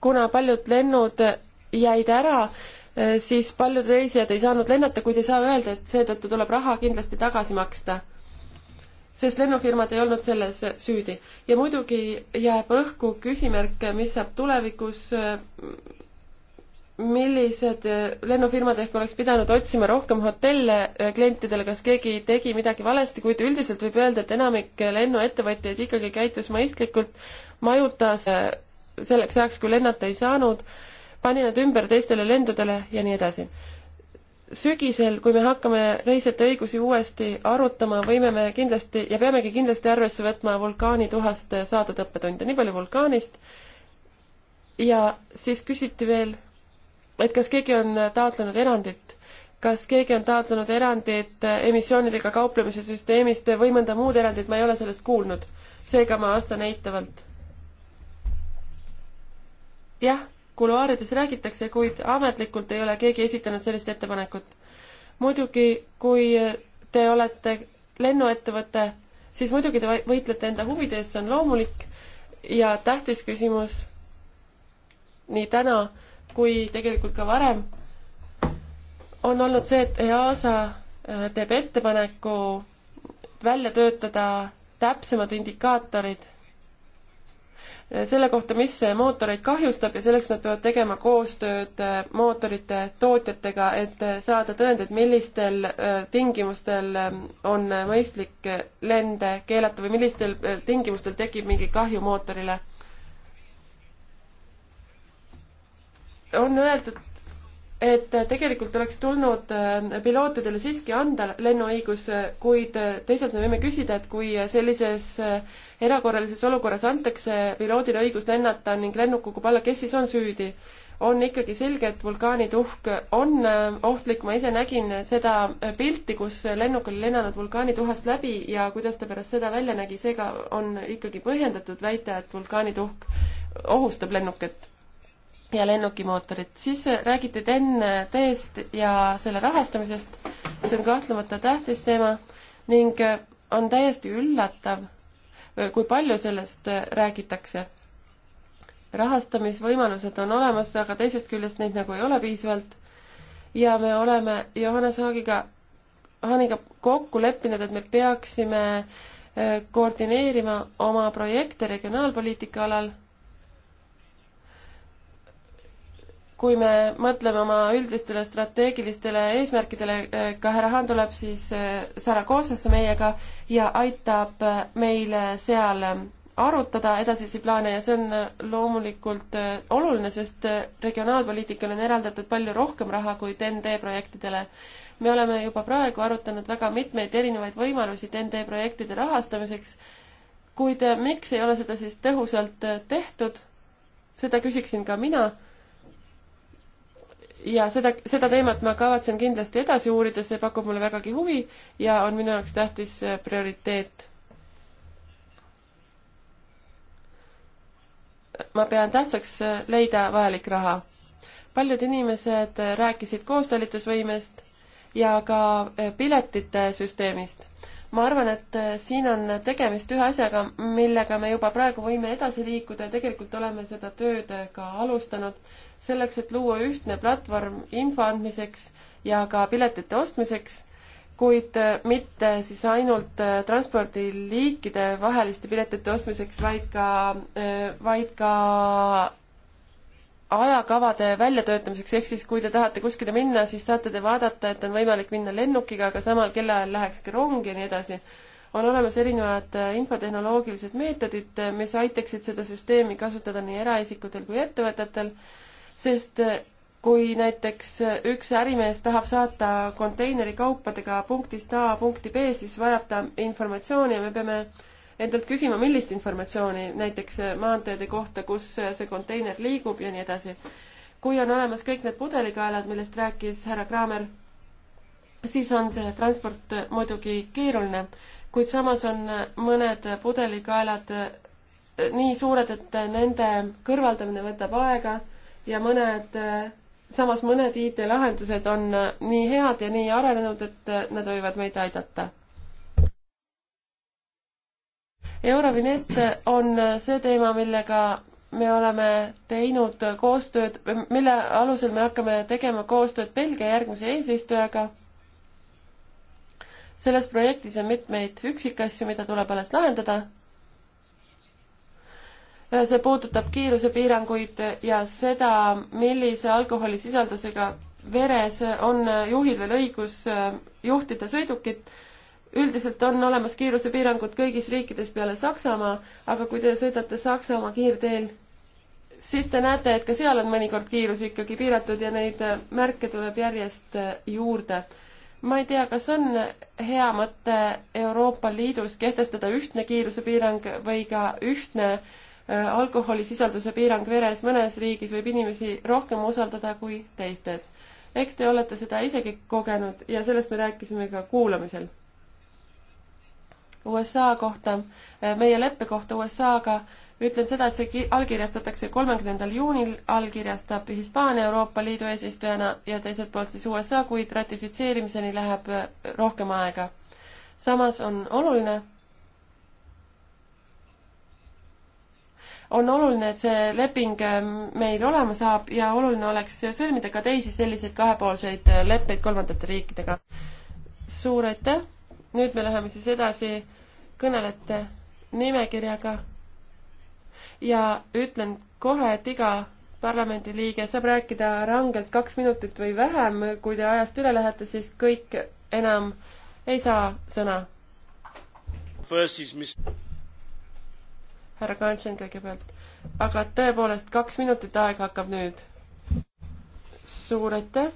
kuna paljud lennud jäid ära, äh, siis paljud reisijad ei saanud lennata, kuid ei saa öelda, et seetõttu tuleb raha kindlasti tagasi maksta sest lennufirmad ei olnud selles süüdi. ja muidugi jääb õhku küsimärk, mis saab tulevikus, millised lennufirmad ehk oleks pidanud otsima rohkem hotelle klientidele, kas keegi tegi midagi valesti, kuid üldiselt võib öelda, et enamik lennuettevõtjaid ikkagi käitus mõistlikult, majutas selleks ajaks, kui lennata ei saanud, pani nad ümber teistele lendudele ja nii edasi sügisel, kui me hakkame reisijate õigusi uuesti arutama, võime me kindlasti ja peamegi kindlasti arvesse võtma vulkaanituhast saadud õppetunde, nii palju vulkaanist. ja siis küsiti veel, et kas keegi on taotlenud erandit, kas keegi on taotlenud erandit emissioonidega kauplemise süsteemist või mõnda muud erandit, ma ei ole sellest kuulnud. seega ma vastan eitavalt. jah kuluaarides räägitakse, kuid ametlikult ei ole keegi esitanud sellist ettepanekut. muidugi, kui te olete lennuettevõte, siis muidugi te võitlete enda huvide eest, see on loomulik ja tähtis küsimus nii täna kui tegelikult ka varem on olnud see, et EASA äh, teeb ettepaneku välja töötada täpsemad indikaatorid selle kohta, mis mootoreid kahjustab ja selleks nad peavad tegema koostööd äh, mootorite tootjatega, et äh, saada tõendeid, millistel äh, tingimustel ähm, on mõistlik lende keelata või millistel tingimustel tekib mingi kahju mootorile. on öeldud et tegelikult oleks tulnud äh, pilootidele siiski anda lennuõigus, äh, kuid äh, teisalt me võime küsida, et kui sellises erakorralises olukorras antakse piloodile õigus lennata ning lennuk kukub alla, kes siis on süüdi? on ikkagi selge, et vulkaanituhk on ohtlik, ma ise nägin seda pilti, kus lennuk oli lennanud vulkaanituhast läbi ja kuidas ta pärast seda välja nägi, seega on ikkagi põhjendatud väita, et vulkaanituhk ohustab lennuket ja lennukimootorid. siis räägiti TEN-T-st ja selle rahastamisest, see on kahtlemata tähtis teema ning on täiesti üllatav, kui palju sellest räägitakse. rahastamisvõimalused on olemas, aga teisest küljest neid nagu ei ole piisavalt. ja me oleme Johannes Haagiga, Haaniga kokku leppinud, et me peaksime eh, koordineerima oma projekte regionaalpoliitika alal kui me mõtleme oma üldistele strateegilistele eesmärkidele, eh, ka härra Haan tuleb siis eh, Saragossasse meiega ja aitab eh, meile seal arutada edasisi plaane ja see on loomulikult oluline, sest regionaalpoliitikale on eraldatud palju rohkem raha kui TNT projektidele. me oleme juba praegu arutanud väga mitmeid erinevaid võimalusi TNT projektide rahastamiseks, kuid miks ei ole seda siis tõhusalt tehtud, seda küsiksin ka mina ja seda, seda teemat ma kavatsen kindlasti edasi uurida, see pakub mulle vägagi huvi ja on minu jaoks tähtis äh, prioriteet. ma pean tähtsaks äh, leida vajalik raha. paljud inimesed äh, rääkisid koostalitusvõimest ja ka piletite süsteemist. ma arvan, et siin on tegemist ühe asjaga, millega me juba praegu võime edasi liikuda ja tegelikult oleme seda tööd ka alustanud selleks, et luua ühtne platvorm info andmiseks ja ka piletite ostmiseks, kuid äh, mitte siis ainult äh, transpordiliikide vaheliste piletite ostmiseks, vaid ka, äh, vaid ka ajakavade väljatöötamiseks, ehk siis kui te tahate kuskile minna, siis saate te vaadata, et on võimalik minna lennukiga, aga samal kellaajal läheks ka rong ja nii edasi. on olemas erinevad infotehnoloogilised meetodid, mis aitaksid seda süsteemi kasutada nii eraisikutel kui ettevõtetel sest eh, kui näiteks eh, üks ärimees tahab saata konteineri kaupadega punktist A punkti B, siis vajab ta informatsiooni ja me peame endalt küsima, millist informatsiooni, näiteks eh, maanteede kohta, kus see konteiner liigub ja nii edasi. kui on olemas kõik need pudelikaelad, millest rääkis härra Kraamer, siis on see transport muidugi keeruline, kuid samas on mõned pudelikaelad nii suured, et nende kõrvaldamine võtab aega ja mõned, samas mõned IT-lahendused on nii head ja nii arenenud, et nad võivad meid aidata. Eurovinett on see teema, millega me oleme teinud koostööd, mille alusel me hakkame tegema koostööd Belgia järgmise eesistujaga. selles projektis on mitmeid üksikasju, mida tuleb alles lahendada see puudutab kiirusepiiranguid ja seda, millise alkoholisisaldusega veres on juhil veel õigus äh, juhtida sõidukit. üldiselt on olemas kiirusepiirangud kõigis riikides peale Saksamaa, aga kui te sõidate Saksamaa kiirteel, siis te näete, et ka seal on mõnikord kiirus ikkagi piiratud ja neid äh, märke tuleb järjest äh, juurde. ma ei tea, kas on hea mõte Euroopa Liidus kehtestada ühtne kiirusepiirang või ka ühtne äh, Äh, alkoholisisalduse piirang veres mõnes riigis võib inimesi rohkem usaldada kui teistes. eks te olete seda isegi kogenud ja sellest me rääkisime ka kuulamisel. USA kohta, äh, meie leppe kohta USA-ga ütlen seda, et see allkirjastatakse kolmekümnendal juunil, allkirjastab Hispaania Euroopa Liidu eesistujana ja teiselt poolt siis USA, kuid ratifitseerimiseni läheb äh, rohkem aega. samas on oluline, on oluline, et see leping ähm, meil olema saab ja oluline oleks sõlmida ka teisi selliseid kahepoolseid äh, leppeid kolmandate riikidega. suur aitäh, nüüd me läheme siis edasi kõnelejate nimekirjaga ja ütlen kohe, et iga parlamendiliige saab rääkida rangelt kaks minutit või vähem, kui te ajast üle lähete, siis kõik enam ei saa sõna härra Kantsen kõigepealt. aga tõepoolest, kaks minutit aega hakkab nüüd. suur aitäh!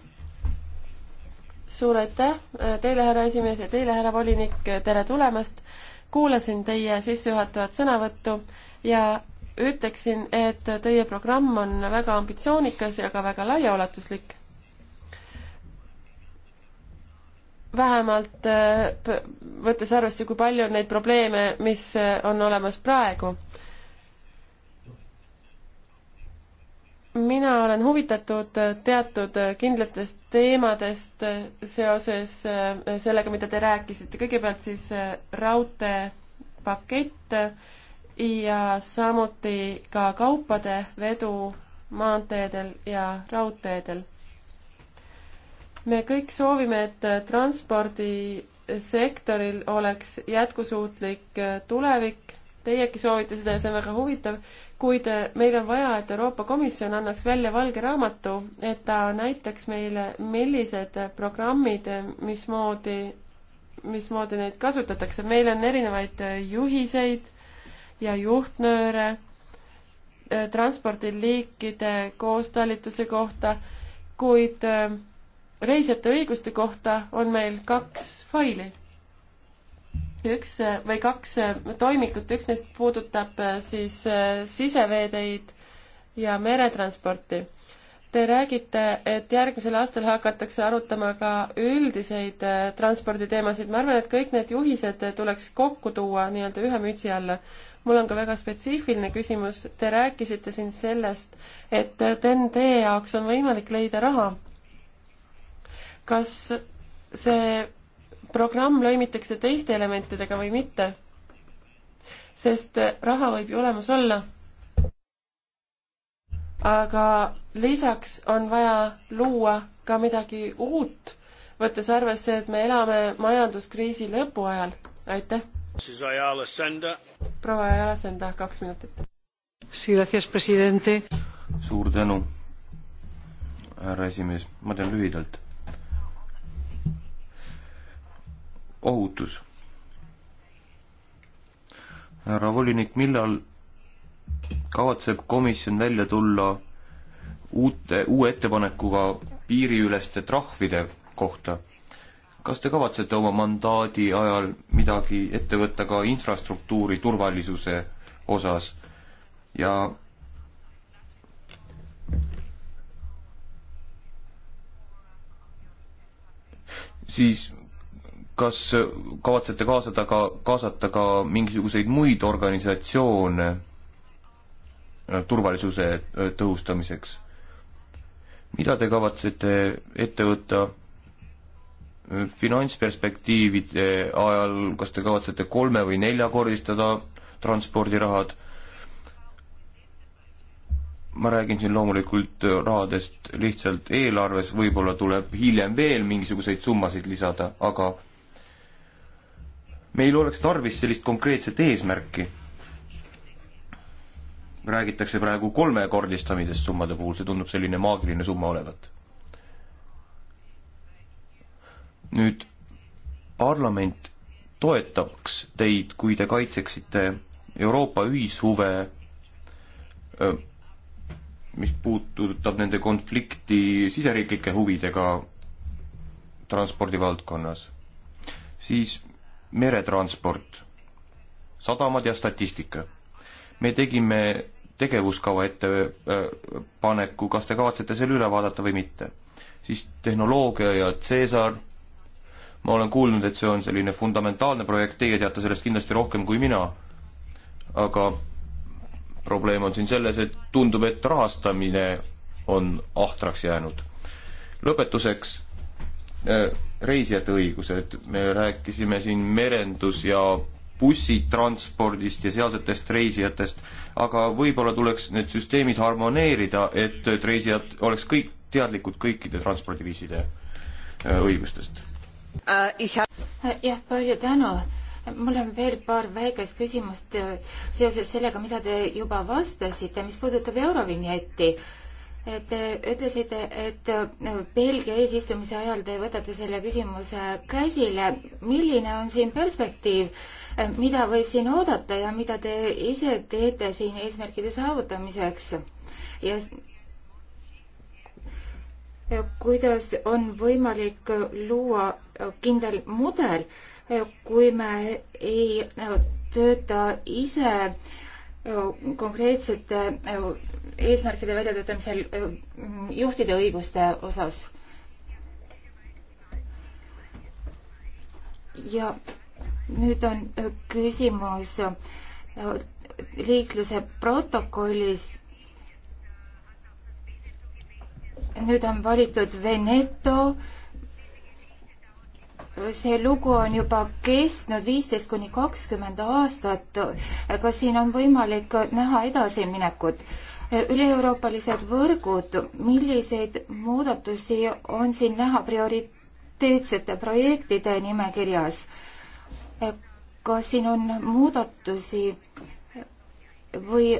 suur aitäh äh, teile, härra esimees ja teile, härra volinik, äh, tere tulemast! kuulasin teie sissejuhatavat sõnavõttu ja ütleksin, et teie programm on väga ambitsioonikas ja ka väga laiaulatuslik vähemalt äh, võttes arvesse, kui palju on neid probleeme, mis äh, on olemas praegu. mina olen huvitatud äh, teatud kindlatest teemadest seoses sellega, mida te rääkisite, kõigepealt siis raudteepakett ja samuti ka kaupade vedu maanteedel ja raudteedel me kõik soovime, et transpordisektoril oleks jätkusuutlik äh, tulevik, teiegi soovite seda ja see on väga huvitav, kuid äh, meil on vaja, et Euroopa Komisjon annaks välja valge raamatu, et ta näitaks meile, millised programmid, äh, mismoodi, mismoodi neid kasutatakse. meil on erinevaid juhiseid ja juhtnööre transpordiliikide koostalituse kohta, kuid äh, reisijate õiguste kohta on meil kaks faili. üks äh, või kaks äh, toimikut, üks neist puudutab äh, siis siseveeteid ja meretransporti. Te räägite, et järgmisel aastal hakatakse arutama ka üldiseid transporditeemasid. ma arvan, et kõik need juhised tuleks kokku tuua nii-öelda ühe mütsi alla. mul on ka väga spetsiifiline küsimus. Te rääkisite siin sellest, et TEN-T jaoks on võimalik leida raha kas see programm lõimitakse teiste elementidega või mitte, sest raha võib ju olemas olla. aga lisaks on vaja luua ka midagi uut, võttes arvesse, et me elame majanduskriisi lõpuajal. aitäh! proua Ayala Senda, kaks minutit. suur tänu, härra esimees, ma teen lühidalt ohutus. härra volinik, millal kavatseb komisjon välja tulla uute, uue ettepanekuga piiriüleste trahvide kohta? kas te kavatsete oma mandaadi ajal midagi ette võtta ka infrastruktuuri turvalisuse osas ja siis kas kavatsete kaasada ka, kaasata ka mingisuguseid muid organisatsioone äh, turvalisuse äh, tõhustamiseks? mida te kavatsete ette võtta äh, finantsperspektiivide ajal, kas te kavatsete kolme- või neljakordistada transpordirahad? ma räägin siin loomulikult rahadest lihtsalt eelarves, võib-olla tuleb hiljem veel mingisuguseid summasid lisada, aga meil oleks tarvis sellist konkreetset eesmärki. räägitakse praegu kolmekordistamisest summade puhul, see tundub selline maagiline summa olevat. nüüd parlament toetaks teid, kui te kaitseksite Euroopa ühishuve, mis puudutab nende konflikti siseriiklike huvidega transpordivaldkonnas, siis meretransport, sadamad ja statistika. me tegime tegevuskava ettepaneku, äh, kas te kavatsete selle üle vaadata või mitte. siis tehnoloogia ja Cäsar, ma olen kuulnud, et see on selline fundamentaalne projekt, teie teate sellest kindlasti rohkem kui mina, aga probleem on siin selles, et tundub, et rahastamine on ahtraks jäänud. lõpetuseks äh, reisijate õigused, me rääkisime siin merendus- ja bussitranspordist ja sealsetest reisijatest, aga võib-olla tuleks need süsteemid harmoneerida, et reisijad oleks kõik teadlikud kõikide transpordiviiside äh, õigustest. Äh, äh, jah, palju tänu. mul on veel paar väikest küsimust seoses sellega, mida te juba vastasite, mis puudutab Eurovinjetti Te ütlesite, et äh, Belgia eesistumise ajal te võtate selle küsimuse käsile. milline on siin perspektiiv, äh, mida võib siin oodata ja mida te ise teete siin eesmärkide saavutamiseks? ja kuidas on võimalik luua äh, kindel mudel, kui me ei tööta ise konkreetsete äh, eesmärkide väljatöötamisel äh, juhtide õiguste osas. ja nüüd on äh, küsimus liikluse protokollis. nüüd on valitud Veneto see lugu on juba kestnud viisteist kuni kakskümmend aastat. kas siin on võimalik näha edasiminekut? üle-euroopalised võrgud, milliseid muudatusi on siin näha prioriteetsete projektide nimekirjas? kas siin on muudatusi või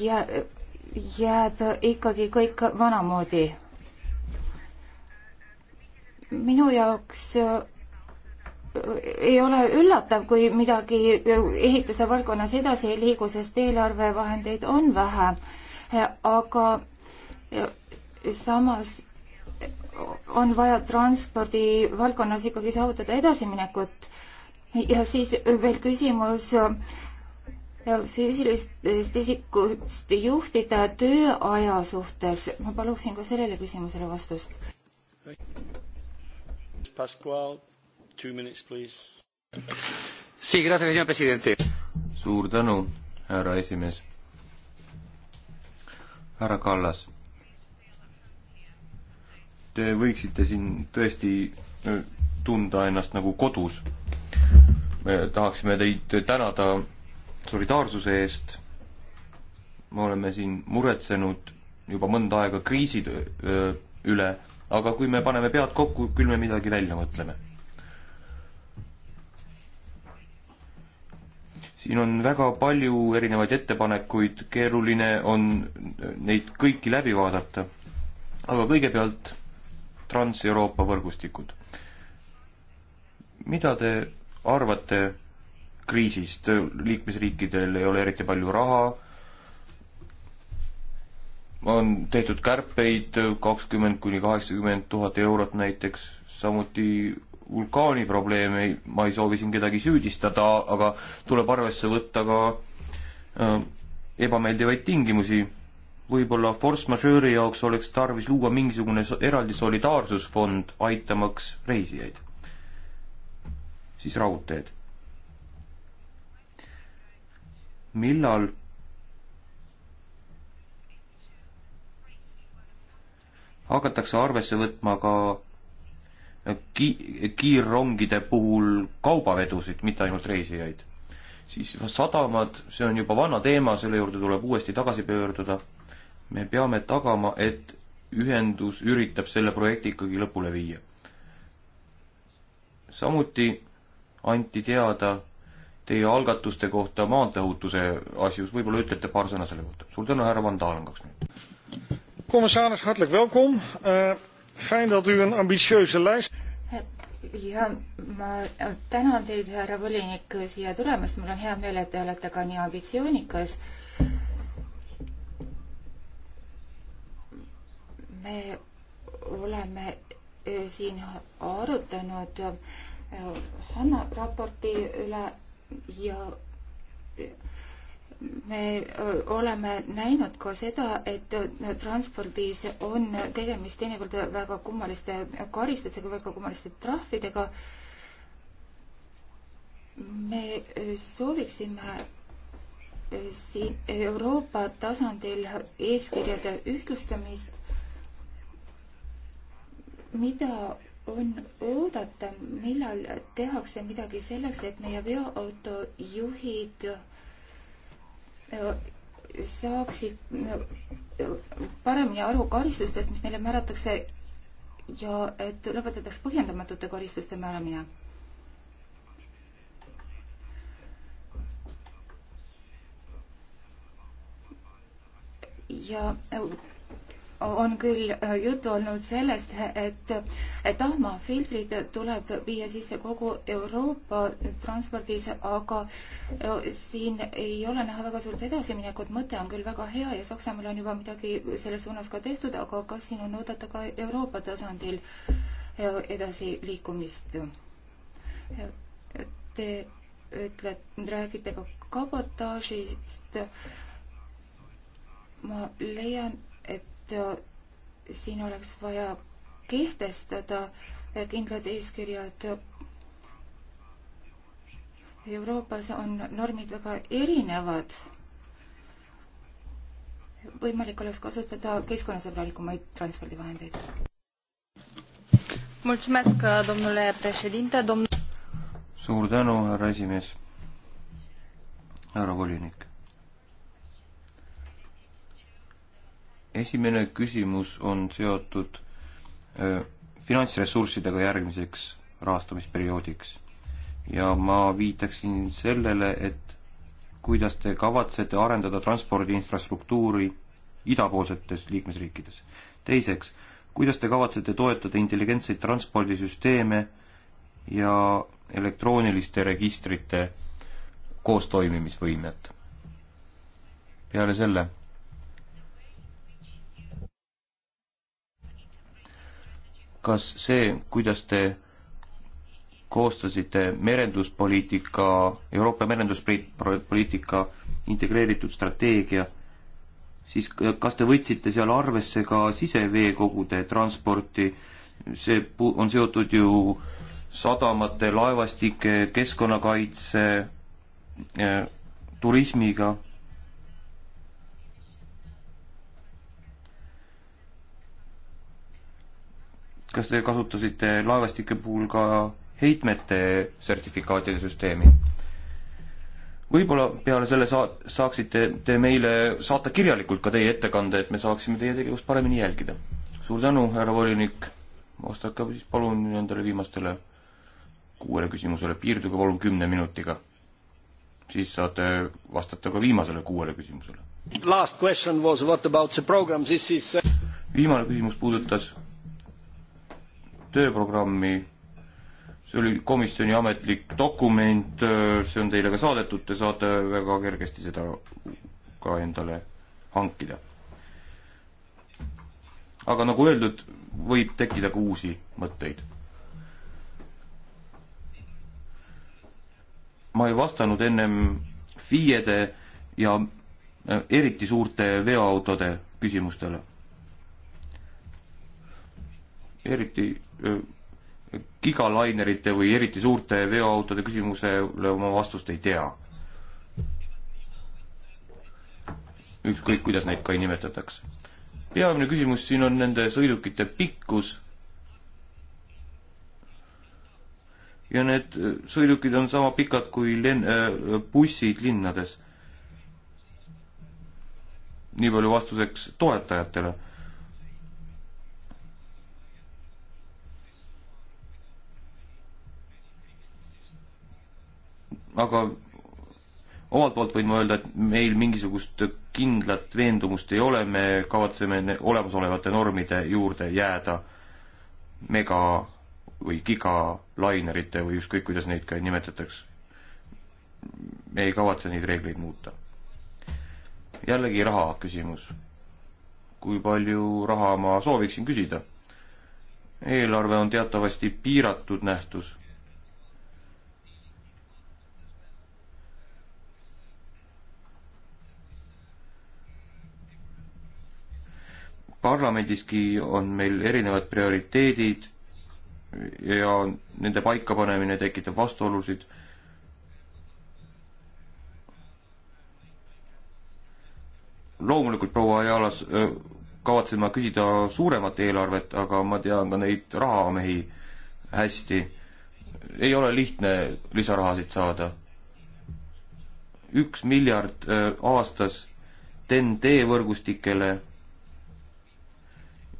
jääb ikkagi kõik vanamoodi? minu jaoks äh, ei ole üllatav, kui midagi ehituse valdkonnas edasi ei liigu, sest eelarvevahendeid on vähe. Äh, aga äh, samas on vaja transpordi valdkonnas ikkagi saavutada edasiminekut. ja siis veel küsimus füüsilistest isikust juhtida tööaja suhtes. ma paluksin ka sellele küsimusele vastust. Pascual, two minutes please. Sí, gracias, señor presidente. suur tänu, härra esimees. härra Kallas, te võiksite siin tõesti äh, tunda ennast nagu kodus. me tahaksime teid tänada solidaarsuse eest. me oleme siin muretsenud juba mõnda aega kriisi öö, äh, üle aga kui me paneme pead kokku, küll me midagi välja mõtleme. siin on väga palju erinevaid ettepanekuid, keeruline on neid kõiki läbi vaadata. aga kõigepealt Trans-Euroopa võrgustikud. mida te arvate kriisist, liikmesriikidel ei ole eriti palju raha on tehtud kärpeid kakskümmend kuni kaheksakümmend tuhat eurot näiteks, samuti vulkaaniprobleeme, ma ei soovi siin kedagi süüdistada, aga tuleb arvesse võtta ka äh, ebameeldivaid tingimusi. võib-olla force majeure'i jaoks oleks tarvis luua mingisugune eraldi solidaarsusfond, aitamaks reisijaid. siis raudteed millal hakatakse arvesse võtma ka ki-, kiirrongide puhul kaubavedusid, mitte ainult reisijaid. siis sadamad, see on juba vana teema, selle juurde tuleb uuesti tagasi pöörduda. me peame tagama, et ühendus üritab selle projekti ikkagi lõpule viia. samuti anti teada teie algatuste kohta maanteeohutuse asjus, võib-olla ütlete paar sõna selle kohta. suur tänu, härra Van Dalen, kaks minutit. Commissaris, hartelijk welkom. Uh, fijn dat u een ambitieuze lijst. ja, ma tänan teid, härra volinik, siia tulemast. mul on hea meel, et te olete ka nii ambitsioonikas. me oleme eh, siin arutanud eh, Hanna raporti üle ja me oleme näinud ka seda, et transpordis on tegemist teinekord väga kummaliste karistustega, väga kummaliste trahvidega. me sooviksime siin Euroopa tasandil eeskirjade ühtlustamist, mida on oodata, millal tehakse midagi selleks, et meie veoautojuhid juhid saaksid paremini aru karistustest, mis neile määratakse ja et lõpetataks põhjendamatute karistuste määramine. ja on küll äh, juttu olnud sellest, et, et tahmafiltrid tuleb viia sisse kogu Euroopa transpordis, aga äh, siin ei ole näha väga suurt edasiminekut, mõte on küll väga hea ja Saksamaal on juba midagi selles suunas ka tehtud, aga kas siin on oodata ka Euroopa tasandil äh, edasiliikumist? Te ütlete, räägite ka kabotaažist. ma leian, et äh, siin oleks vaja kehtestada äh, kindlad eeskirjad. Euroopas on normid väga erinevad. võimalik oleks kasutada keskkonnasõbralikumaid transpordivahendeid. suur tänu, härra esimees, härra volinik esimene küsimus on seotud finantsressurssidega järgmiseks rahastamisperioodiks. ja ma viitaksin sellele, et kuidas te kavatsete arendada transpordi infrastruktuuri idapoolsetes liikmesriikides. teiseks, kuidas te kavatsete toetada intelligentseid transpordisüsteeme ja elektrooniliste registrite koostoimimisvõimet? peale selle kas see, kuidas te koostasite merenduspoliitika, Euroopa merenduspoliitika integreeritud strateegia, siis kas te võtsite seal arvesse ka siseveekogude transporti, see on seotud ju sadamate, laevastike, keskkonnakaitse, eh, turismiga kas te kasutasite laevastike puhul ka heitmete sertifikaatide süsteemi? võib-olla peale selle saa-, saaksite te meile saata kirjalikult ka teie ettekande, et me saaksime teie tegevust paremini jälgida. suur tänu, härra volinik, vastake siis palun nendele viimastele kuuele küsimusele, piirduge palun kümne minutiga. siis saate vastata ka viimasele kuuele küsimusele. Last question was what about the program, this is uh, viimane küsimus puudutas tööprogrammi. see oli komisjoni ametlik dokument, see on teile ka saadetud, te saate väga kergesti seda ka endale hankida. aga nagu öeldud, võib tekkida ka uusi mõtteid. ma ei vastanud ennem FIE-de ja äh, eriti suurte veoautode küsimustele. eriti gigalainerite või eriti suurte veoautode küsimusele oma vastust ei tea. ükskõik, kuidas neid ka ei nimetataks. peamine küsimus siin on nende sõidukite pikkus ja need sõidukid on sama pikad kui len- äh,, bussid linnades. nii palju vastuseks toetajatele aga omalt poolt võin ma öelda, et meil mingisugust kindlat veendumust ei ole, me kavatseme olemasolevate normide juurde jääda mega või gigalainerite või ükskõik, kuidas neid ka nimetatakse. me ei kavatse neid reegleid muuta. jällegi raha küsimus. kui palju raha ma sooviksin küsida? eelarve on teatavasti piiratud nähtus parlamendiski on meil erinevad prioriteedid ja nende paikapanemine tekitab vastuolusid. loomulikult proua Ajalas kavatsen ma küsida suuremat eelarvet, aga ma tean ka neid rahamehi hästi. ei ole lihtne lisarahasid saada. üks miljard aastas TEN-T võrgustikele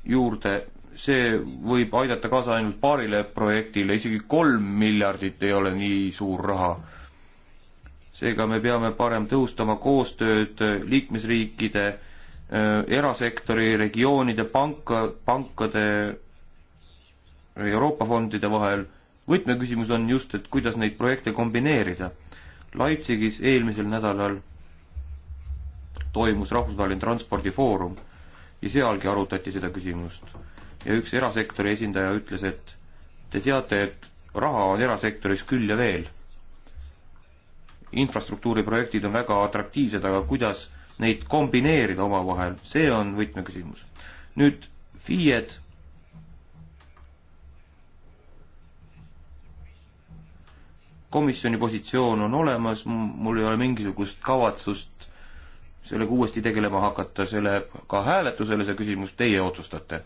juurde, see võib aidata kaasa ainult paarile projektile, isegi kolm miljardit ei ole nii suur raha. seega me peame parem tõhustama koostööd liikmesriikide, äh, erasektori, regioonide, panka, pankade, Euroopa fondide vahel. võtmeküsimus on just, et kuidas neid projekte kombineerida. Leipzigis eelmisel nädalal toimus rahvusvaheline transpordifoorum ja sealgi arutati seda küsimust. ja üks erasektori esindaja ütles, et te teate, et raha on erasektoris küll ja veel. infrastruktuuriprojektid on väga atraktiivsed, aga kuidas neid kombineerida omavahel, see on võtmeküsimus. nüüd FIE-d komisjoni positsioon on olemas, mul ei ole mingisugust kavatsust sellega uuesti tegelema hakata, see läheb ka hääletusele, see küsimus, teie otsustate.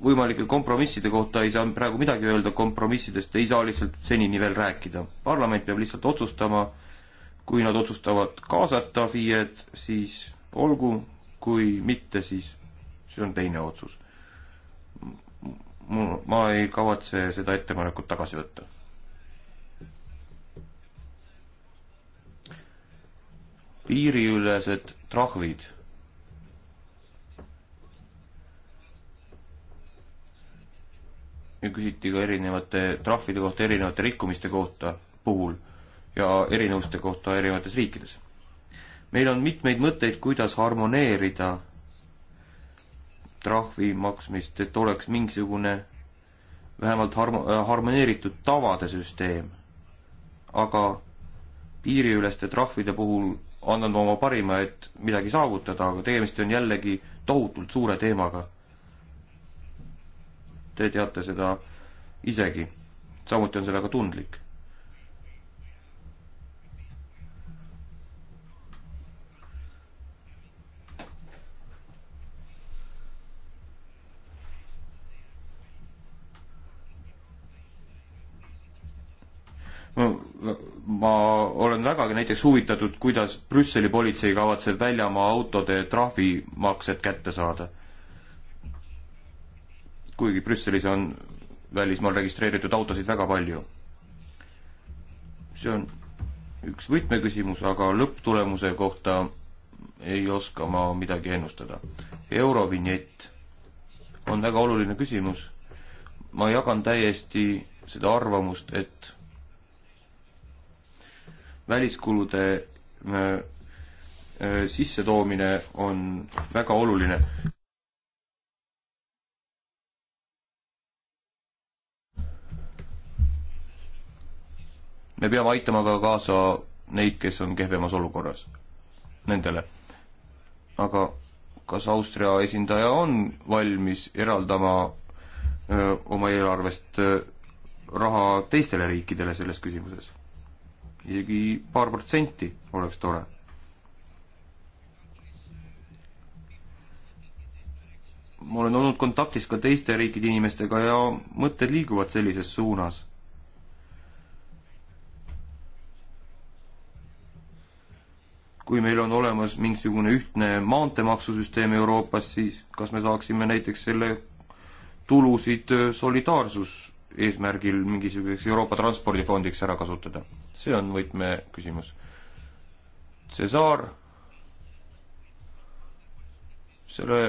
võimalike kompromisside kohta ei saa praegu midagi öelda, kompromissidest ei saa lihtsalt senini veel rääkida. parlament peab lihtsalt otsustama, kui nad otsustavad kaasata FIE-d, siis olgu, kui mitte, siis see on teine otsus mul, ma ei kavatse seda ettepanekut tagasi võtta. piiriülesed trahvid. ja küsiti ka erinevate trahvide kohta, erinevate rikkumiste kohta puhul ja erinevuste kohta erinevates riikides. meil on mitmeid mõtteid, kuidas harmoneerida trahvi maksmist, et oleks mingisugune vähemalt harm-, äh, harmoneeritud tavade süsteem. aga piiriüleste trahvide puhul annan ma oma parima, et midagi saavutada, aga tegemist on jällegi tohutult suure teemaga. Te teate seda isegi. samuti on see väga tundlik. ma olen vägagi näiteks huvitatud, kuidas Brüsseli politsei kavatseb väljamaa autode trahvimaksed kätte saada. kuigi Brüsselis on välismaal registreeritud autosid väga palju. see on üks võtmeküsimus, aga lõpptulemuse kohta ei oska ma midagi ennustada. Eurovinjett on väga oluline küsimus. ma jagan täiesti seda arvamust, et väliskulude äh, äh, sissetoomine on väga oluline. me peame aitama ka kaasa neid, kes on kehvemas olukorras, nendele. aga kas Austria esindaja on valmis eraldama öö, äh, oma eelarvest öö, raha teistele riikidele selles küsimuses? isegi paar protsenti oleks tore. ma olen olnud kontaktis ka teiste riikide inimestega ja mõtted liiguvad sellises suunas. kui meil on olemas mingisugune ühtne maanteemaksusüsteem Euroopas, siis kas me saaksime näiteks selle tulusid äh, solidaarsus eesmärgil mingisuguseks Euroopa transpordifondiks ära kasutada? see on võtmeküsimus. Cesar, selle,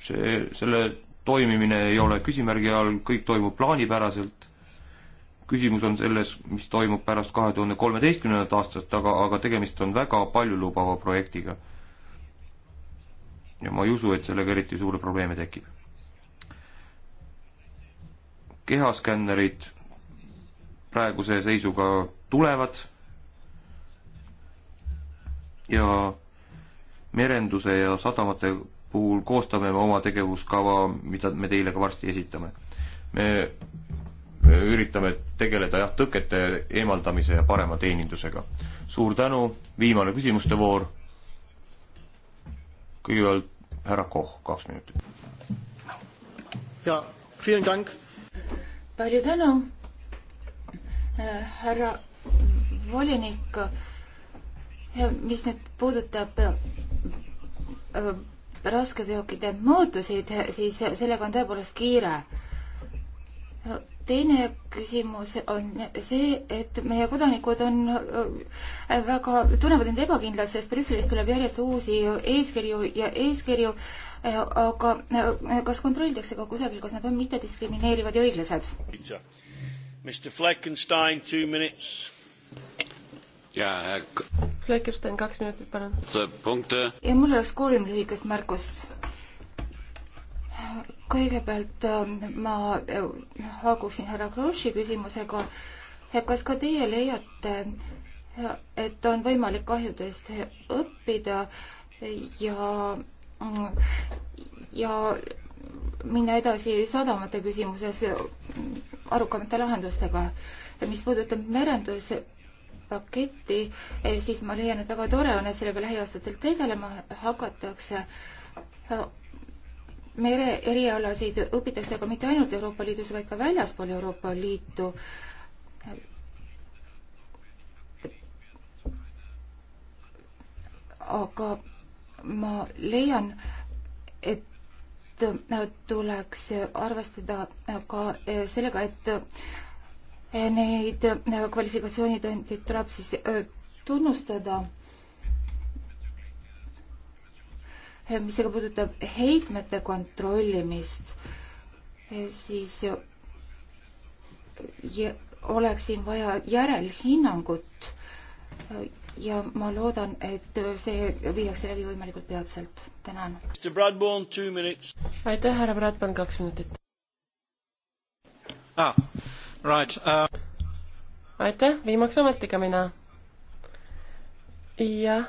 see, selle toimimine ei ole küsimärgi all, kõik toimub plaanipäraselt, küsimus on selles, mis toimub pärast kahe tuhande kolmeteistkümnendat aastat, aga, aga tegemist on väga paljulubava projektiga. ja ma ei usu, et sellega eriti suuri probleeme tekib kehaskännerid praeguse seisuga tulevad ja merenduse ja sadamate puhul koostame me oma tegevuskava, mida me teile ka varsti esitame. me üritame tegeleda jah, tõkete eemaldamise ja parema teenindusega. suur tänu, viimane küsimuste voor. kõigepealt härra Koch, kaks minutit. ja, vielen Dank palju tänu, äh, härra volinik. mis nüüd puudutab äh, raskeveokite muutusid, siis sellega on tõepoolest kiire teine küsimus on see, et meie kodanikud on äh, väga, tunnevad end ebakindlalt, sest Brüsselist tuleb järjest uusi eeskirju ja eeskirju, äh, aga äh, kas kontrollitakse ka kusagil, kas nad on mittediskrimineerivad ja õiglased? Mr Fleckenstein, two minutes. jaa, härra Fleckenstein, kaks minutit, palun. ja mul oleks kolm lühikest märkust kõigepealt ähm, ma äh, haaguksin härra Kroši küsimusega, kas ka teie leiate, äh, et on võimalik kahjudest õppida ja, äh, ja minna edasi sadamate küsimuses arukamate lahendustega. mis puudutab merenduspaketti, siis ma leian, et väga tore on, et sellega lähiaastatel tegelema hakatakse mere erialasid õpitakse aga mitte ainult Euroopa Liidus, vaid ka väljaspool Euroopa Liitu. aga ma leian, et tuleks arvestada ka sellega, et neid kvalifikatsioonitõendeid tuleb siis tunnustada mis aga puudutab heitmete kontrollimist, siis oleks siin vaja järelhinnangut ja ma loodan, et see viiakse läbi võimalikult peatselt. tänan. aitäh, härra Bradburn, kaks minutit ah,. Right, uh... aitäh, viimaks ometi ka mina. jah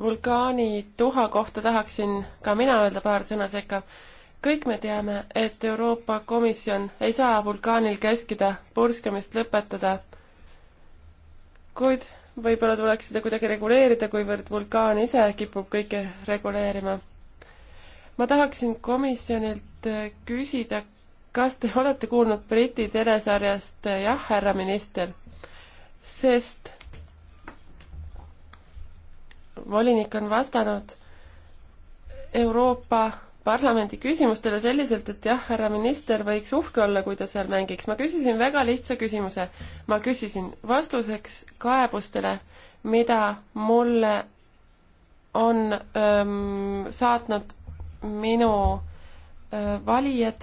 orgaanituha kohta tahaksin ka mina öelda paar sõna sekka. kõik me teame, et Euroopa Komisjon ei saa vulkaanil käskida purskamist lõpetada, kuid võib-olla tuleks seda kuidagi reguleerida, kuivõrd vulkaan ise kipub kõike reguleerima. ma tahaksin komisjonilt küsida, kas te olete kuulnud Briti telesarjast Jah, härra minister? sest volinik on vastanud Euroopa Parlamendi küsimustele selliselt, et jah, härra minister võiks uhke olla, kui ta seal mängiks. ma küsisin väga lihtsa küsimuse. ma küsisin vastuseks kaebustele, mida mulle on öö, saatnud minu öö, valijad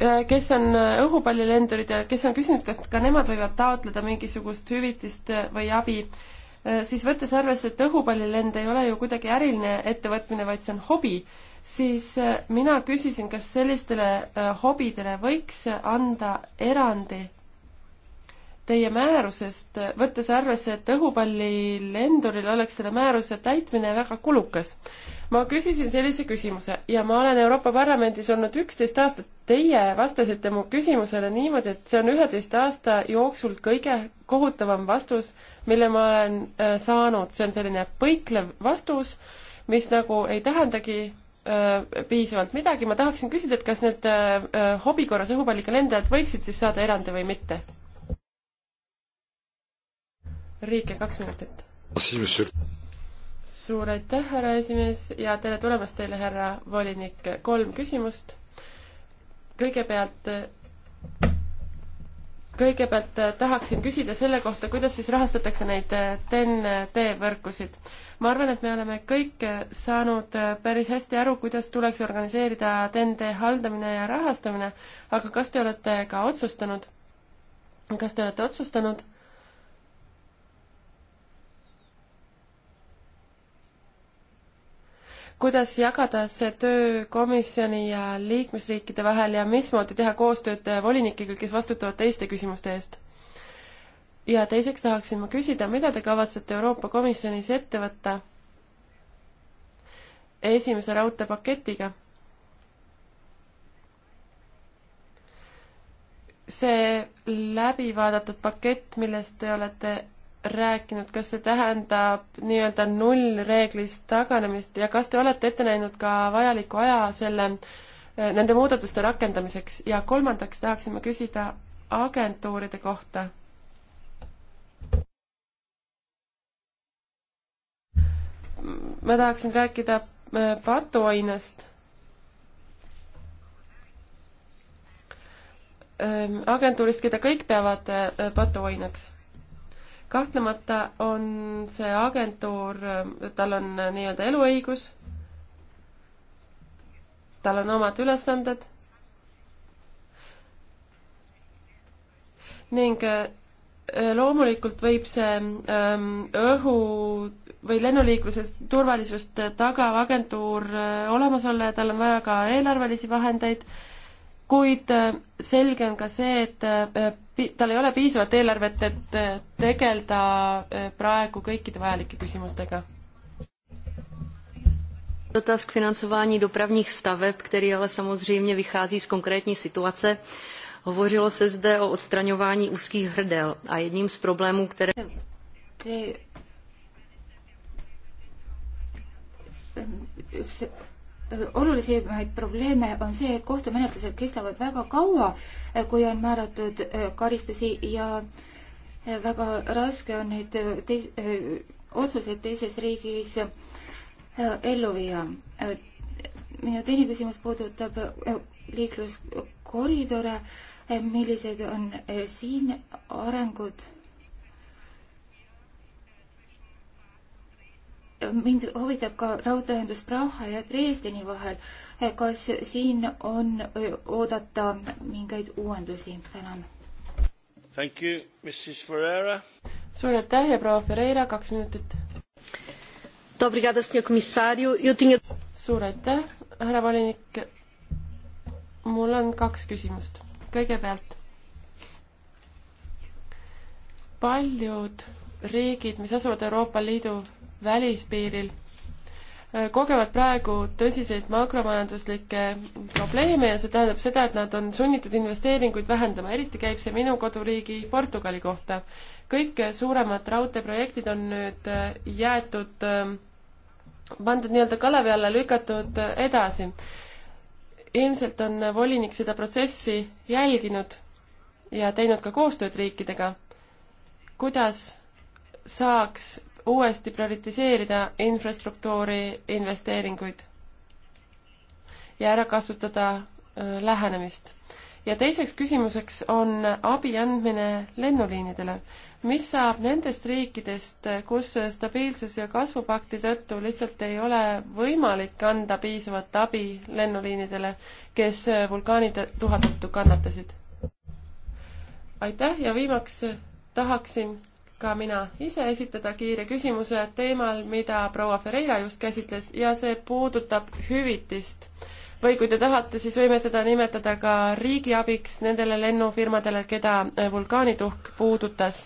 Äh, kes on äh, õhupallilendurid ja kes on küsinud, kas ka nemad võivad taotleda mingisugust hüvitist äh, või abi, siis võttes arvesse, et õhupallilend ei ole ju kuidagi äriline ettevõtmine, vaid see on hobi, siis mina küsisin, kas sellistele hobidele võiks anda erandi teie määrusest, võttes arvesse, et õhupallilenduril oleks selle määruse täitmine väga kulukas ma küsisin sellise küsimuse ja ma olen Euroopa Parlamendis olnud üksteist aastat. Teie vastasite mu küsimusele niimoodi, et see on üheteist aasta jooksul kõige kohutavam vastus, mille ma olen äh, saanud. see on selline põiklev vastus, mis nagu ei tähendagi äh, piisavalt midagi. ma tahaksin küsida, et kas need äh, äh hobi korras õhupallikalendajad võiksid siis saada erandi või mitte? Riike, kaks minutit suur aitäh, härra esimees ja tere tulemast teile, härra volinik. kolm küsimust. kõigepealt, kõigepealt tahaksin küsida selle kohta, kuidas siis rahastatakse neid TEN-T võrkusid. ma arvan, et me oleme kõik saanud päris hästi aru, kuidas tuleks organiseerida TEN-T haldamine ja rahastamine, aga kas te olete ka otsustanud, kas te olete otsustanud kuidas jagada see töö komisjoni ja liikmesriikide vahel ja mismoodi teha koostööd volinikega, kes vastutavad teiste küsimuste eest? ja teiseks tahaksin ma küsida, mida te kavatsete Euroopa Komisjonis ette võtta esimese raudteepaketiga? see läbivaadatud pakett, millest te olete rääkinud, kas see tähendab nii-öelda nullreeglist taganemist ja kas te olete ette näinud ka vajaliku aja selle, eh, nende muudatuste rakendamiseks ja kolmandaks tahaksin ma küsida agentuuride kohta ma tahaksin rääkida eh, patuoinest. Eh, agentuurist, keda kõik peavad patuoinaks kahtlemata on see agentuur, tal on nii-öelda eluõigus, tal on omad ülesanded ning äh, loomulikult võib see ähm, õhu või lennuliikluses turvalisust tagav agentuur äh, olemas olla ja tal on vaja ka eelarvelisi vahendeid äh, kuid äh, selge on ka see, et äh, tal ei ole piisavat eelarvet, et äh, tegeleda praegu kõikide vajalike küsimustega. Dotaz k financování dopravních staveb, který ale samozřejmě vychází z konkrétní situace. Hovořilo se zde o odstraňování úzkých hrdel a jedním z problémů, které... Te... üks olulisemaid probleeme on see, et kohtumenetlused kestavad väga kaua, kui on määratud äh, karistusi ja äh, väga raske on neid äh, teis, otsuseid teises riigis ellu viia. minu teine küsimus puudutab liikluskoridore, millised on siin arengud mind huvitab ka raudteeühendus Praha ja Dresdeni vahel. kas siin on oodata mingeid uuendusi? tänan. Thank you, Mrs Ferreira. suur aitäh ja proua Ferreira, kaks minutit. suur aitäh, härra volinik. mul on kaks küsimust. kõigepealt, paljud riigid, mis asuvad Euroopa Liidu välispiiril, äh, kogevad praegu tõsiseid makromajanduslikke probleeme ja see tähendab seda, et nad on sunnitud investeeringuid vähendama, eriti käib see minu koduriigi Portugali kohta. kõik suuremad raudteeprojektid on nüüd äh, jäetud, äh, pandud nii-öelda kalevi alla, lükatud edasi. ilmselt on volinik seda protsessi jälginud ja teinud ka koostööd riikidega, kuidas saaks uuesti prioritiseerida infrastruktuuri investeeringuid ja ära kasutada lähenemist. ja teiseks küsimuseks on abi andmine lennuliinidele. mis saab nendest riikidest, kus stabiilsus- ja kasvupakti tõttu lihtsalt ei ole võimalik anda piisavat abi lennuliinidele, kes vulkaanituha tõttu kannatasid? aitäh ja viimaks tahaksin ka mina ise esitada kiire küsimuse teemal, mida proua Ferreira just käsitles ja see puudutab hüvitist. või kui te tahate, siis võime seda nimetada ka riigiabiks nendele lennufirmadele, keda äh, vulkaanituhk puudutas.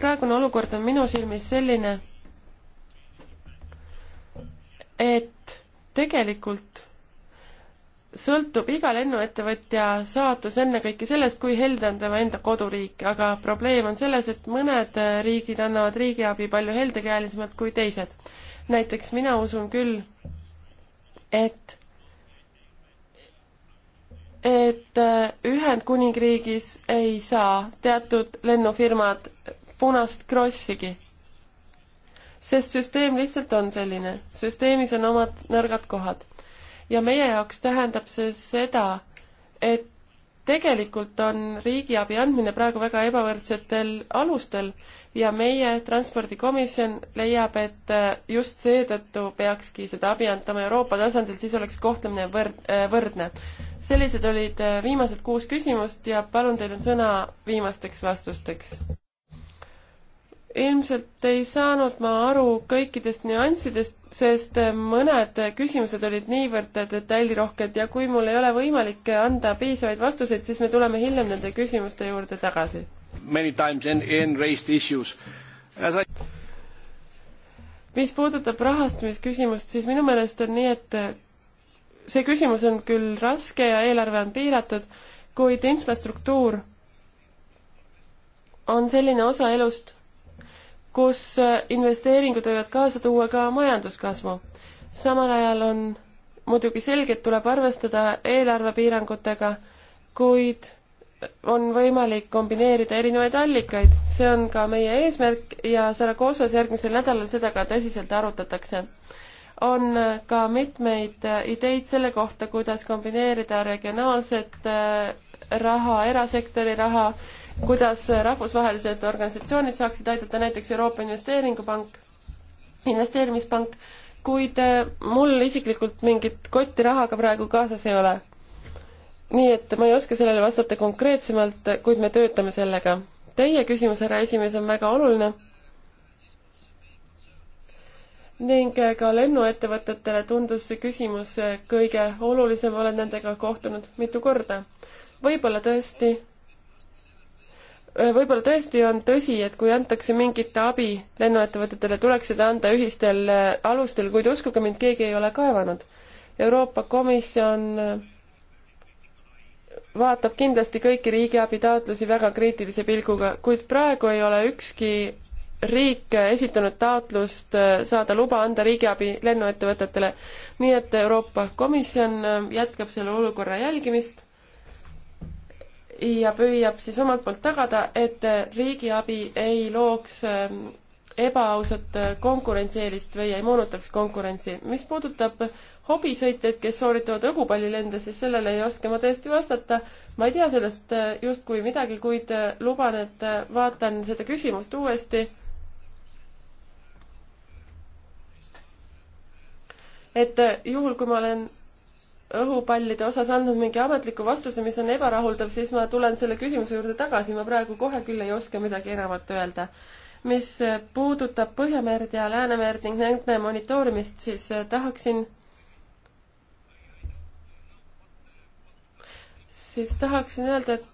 praegune olukord on minu silmis selline, et tegelikult sõltub iga lennuettevõtja saatus ennekõike sellest, kui helde on tema enda koduriik, aga probleem on selles, et mõned riigid annavad riigiabi palju heldekäelisemalt kui teised. näiteks mina usun küll, et et Ühendkuningriigis ei saa teatud lennufirmad punast krossigi. sest süsteem lihtsalt on selline, süsteemis on omad nõrgad kohad ja meie jaoks tähendab see seda, et tegelikult on riigiabi andmine praegu väga ebavõrdsetel alustel ja meie transpordikomisjon leiab, et äh, just seetõttu peakski seda abi antama Euroopa tasandil, siis oleks kohtlemine võrd-, äh, võrdne. sellised olid äh, viimased kuus küsimust ja palun, teil on sõna viimasteks vastusteks ilmselt ei saanud ma aru kõikidest nüanssidest, sest mõned küsimused olid niivõrd detailirohked ja kui mul ei ole võimalik anda piisavaid vastuseid, siis me tuleme hiljem nende küsimuste juurde tagasi. Many times in, in raised issues. As I mis puudutab rahastamisküsimust, siis minu meelest on nii, et see küsimus on küll raske ja eelarve on piiratud, kuid infrastruktuur on selline osa elust, kus äh, investeeringud võivad kaasa tuua ka majanduskasvu. samal ajal on muidugi selge, et tuleb arvestada eelarvepiirangutega, kuid on võimalik kombineerida erinevaid allikaid, see on ka meie eesmärk ja Saragossas järgmisel nädalal seda ka tõsiselt arutatakse. on äh, ka mitmeid äh, ideid selle kohta, kuidas kombineerida regionaalset raha, erasektori raha, kuidas rahvusvahelised organisatsioonid saaksid aidata, näiteks Euroopa Investeeringupank, investeerimispank, kuid äh, mul isiklikult mingit kotti rahaga praegu kaasas ei ole. nii et ma ei oska sellele vastata konkreetsemalt, kuid me töötame sellega. Teie küsimus, härra esimees, on väga oluline ning äh, ka lennuettevõtetele tundus see küsimus äh, kõige olulisem, olen nendega kohtunud mitu korda. võib-olla tõesti Äh, võib-olla tõesti on tõsi, et kui antakse mingit abi lennuettevõtetele, tuleks seda anda ühistel äh, alustel, kuid uskuge mind, keegi ei ole kaevanud. Euroopa Komisjon äh, vaatab kindlasti kõiki riigiabi taotlusi väga kriitilise pilguga, kuid praegu ei ole ükski riik esitanud taotlust saada luba anda riigiabi lennuettevõtetele. nii et Euroopa Komisjon jätkab selle olukorra jälgimist ja püüab siis omalt poolt tagada, et riigiabi ei looks ähm, ebaausat äh, konkurentsieelist või ei moonutaks konkurentsi. mis puudutab hobisõitjaid, kes sooritavad õhupallilende, siis sellele ei oska ma tõesti vastata. ma ei tea sellest äh, justkui midagi, kuid äh, luban, et vaatan seda küsimust uuesti et juhul, kui ma olen õhupallide osas andnud mingi ametliku vastuse, mis on ebarahuldav, siis ma tulen selle küsimuse juurde tagasi, ma praegu kohe küll ei oska midagi enamat öelda. mis puudutab Põhjamerd ja Läänemerd ning nende monitoorimist, siis äh, tahaksin siis tahaksin öelda, et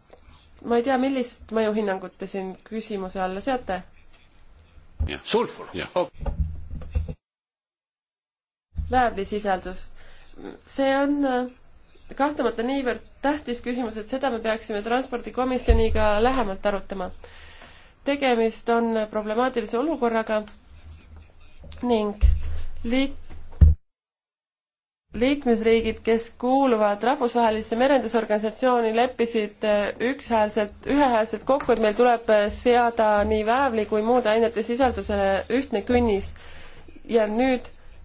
ma ei tea, millist mõjuhinnangut te siin küsimuse alla seate? sulfur. väävlisisaldust see on äh, kahtlemata niivõrd tähtis küsimus, et seda me peaksime transpordikomisjoniga lähemalt arutama. tegemist on problemaatilise olukorraga ning liik-, liikmesriigid, kes kuuluvad rahvusvahelisse merendusorganisatsiooni, leppisid äh, ükshäälselt, ühehäälselt kokku, et meil tuleb äh, seada nii väävli kui muude ainete sisaldusele ühtne künnis. ja nüüd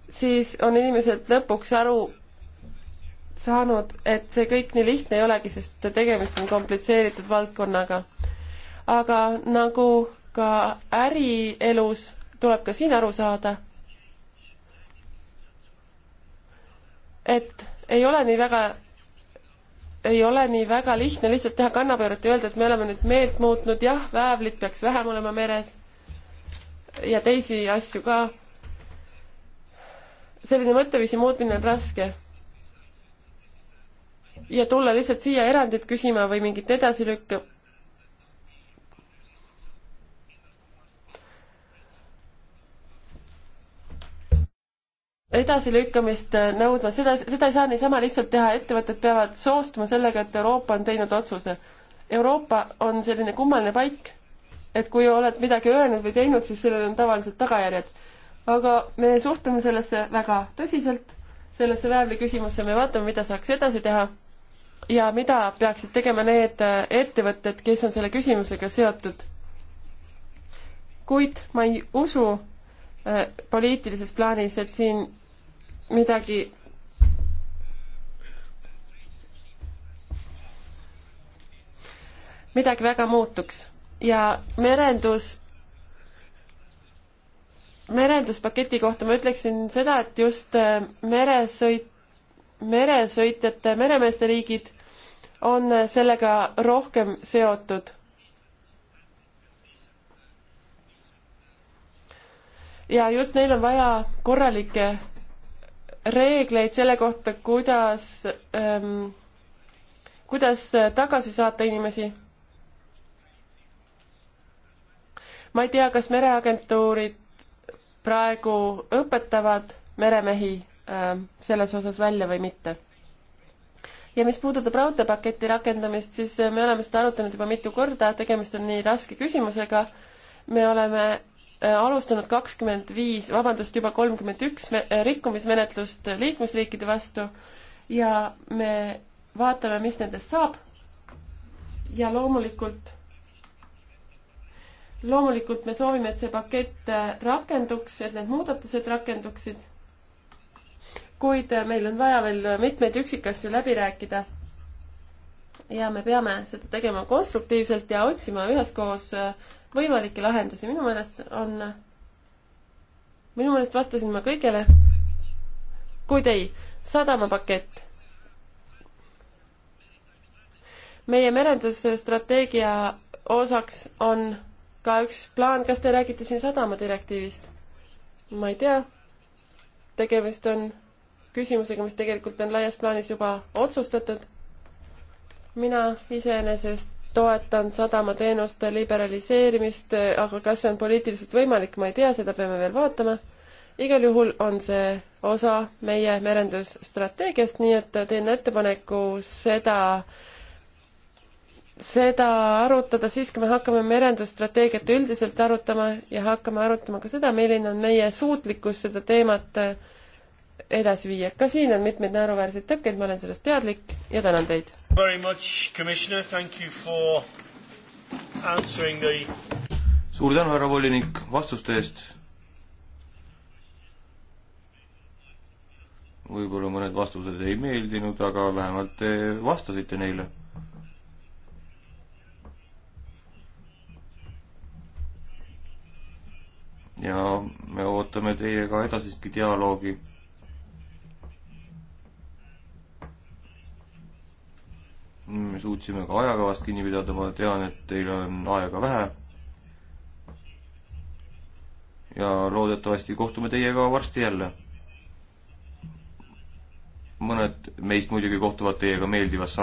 siis on inimesed lõpuks aru saanud, et see kõik nii lihtne ei olegi, sest tegemist on komplitseeritud valdkonnaga. aga nagu ka ärielus, tuleb ka siin aru saada, et ei ole nii väga, ei ole nii väga lihtne lihtsalt teha kannapööret ja öelda, et me oleme nüüd meelt muutnud, jah, väävlit peaks vähem olema meres ja teisi asju ka. selline mõtteviisi muutmine on raske ja tulla lihtsalt siia erandit küsima või mingit edasilükka. edasilükkamist nõudma, seda, seda ei saa niisama lihtsalt teha, ettevõtted peavad soostuma sellega, et Euroopa on teinud otsuse. Euroopa on selline kummaline paik, et kui oled midagi öelnud või teinud, siis sellel on tavaliselt tagajärjed. aga me suhtume sellesse väga tõsiselt, sellesse väävli küsimusse, me vaatame, mida saaks edasi teha ja mida peaksid tegema need äh, ettevõtted, kes on selle küsimusega seotud. kuid ma ei usu äh, poliitilises plaanis, et siin midagi midagi väga muutuks ja merendus merenduspaketi kohta ma ütleksin seda, et just äh, meresõit, meresõitjate, meremeeste riigid on sellega rohkem seotud. ja just neil on vaja korralikke reegleid selle kohta, kuidas ähm,, kuidas tagasi saata inimesi. ma ei tea, kas mereagentuurid praegu õpetavad meremehi ähm, selles osas välja või mitte ja mis puudutab raudteepaketi rakendamist, siis äh, me oleme seda arutanud juba mitu korda, tegemist on nii raske küsimusega. me oleme äh, alustanud kakskümmend viis, vabandust, juba kolmkümmend üks äh, rikkumismenetlust liikmesriikide vastu ja me vaatame, mis nendest saab. ja loomulikult, loomulikult me soovime, et see pakett rakenduks, et need muudatused rakenduksid kuid meil on vaja veel mitmeid üksikasju läbi rääkida. ja me peame seda tegema konstruktiivselt ja otsima üheskoos võimalikke lahendusi, minu meelest on, minu meelest vastasin ma kõigele. kuid ei, sadamapakett. meie merendusstrateegia osaks on ka üks plaan, kas te räägite siin sadamadirektiivist? ma ei tea. tegemist on küsimusega, mis tegelikult on laias plaanis juba otsustatud. mina iseenesest toetan sadamateenuste liberaliseerimist, aga kas see on poliitiliselt võimalik, ma ei tea, seda peame veel vaatama. igal juhul on see osa meie merendusstrateegiast, nii et teen ettepaneku seda, seda arutada siis, kui me hakkame merendusstrateegiat üldiselt arutama ja hakkame arutama ka seda, milline on meie suutlikkus seda teemat äh, edasi viia. ka siin on mitmeid naeruväärseid tõkkeid, ma olen sellest teadlik ja tänan teid. The... suur tänu, härra volinik, vastuste eest. võib-olla mõned vastused ei meeldinud, aga vähemalt te vastasite neile ja me ootame teiega edasistki dialoogi Mm, me suutsime ka ajakavast kinni pidada, ma tean, et teil on aega vähe. ja loodetavasti kohtume teiega varsti jälle. mõned meist muidugi kohtuvad teiega meeldivas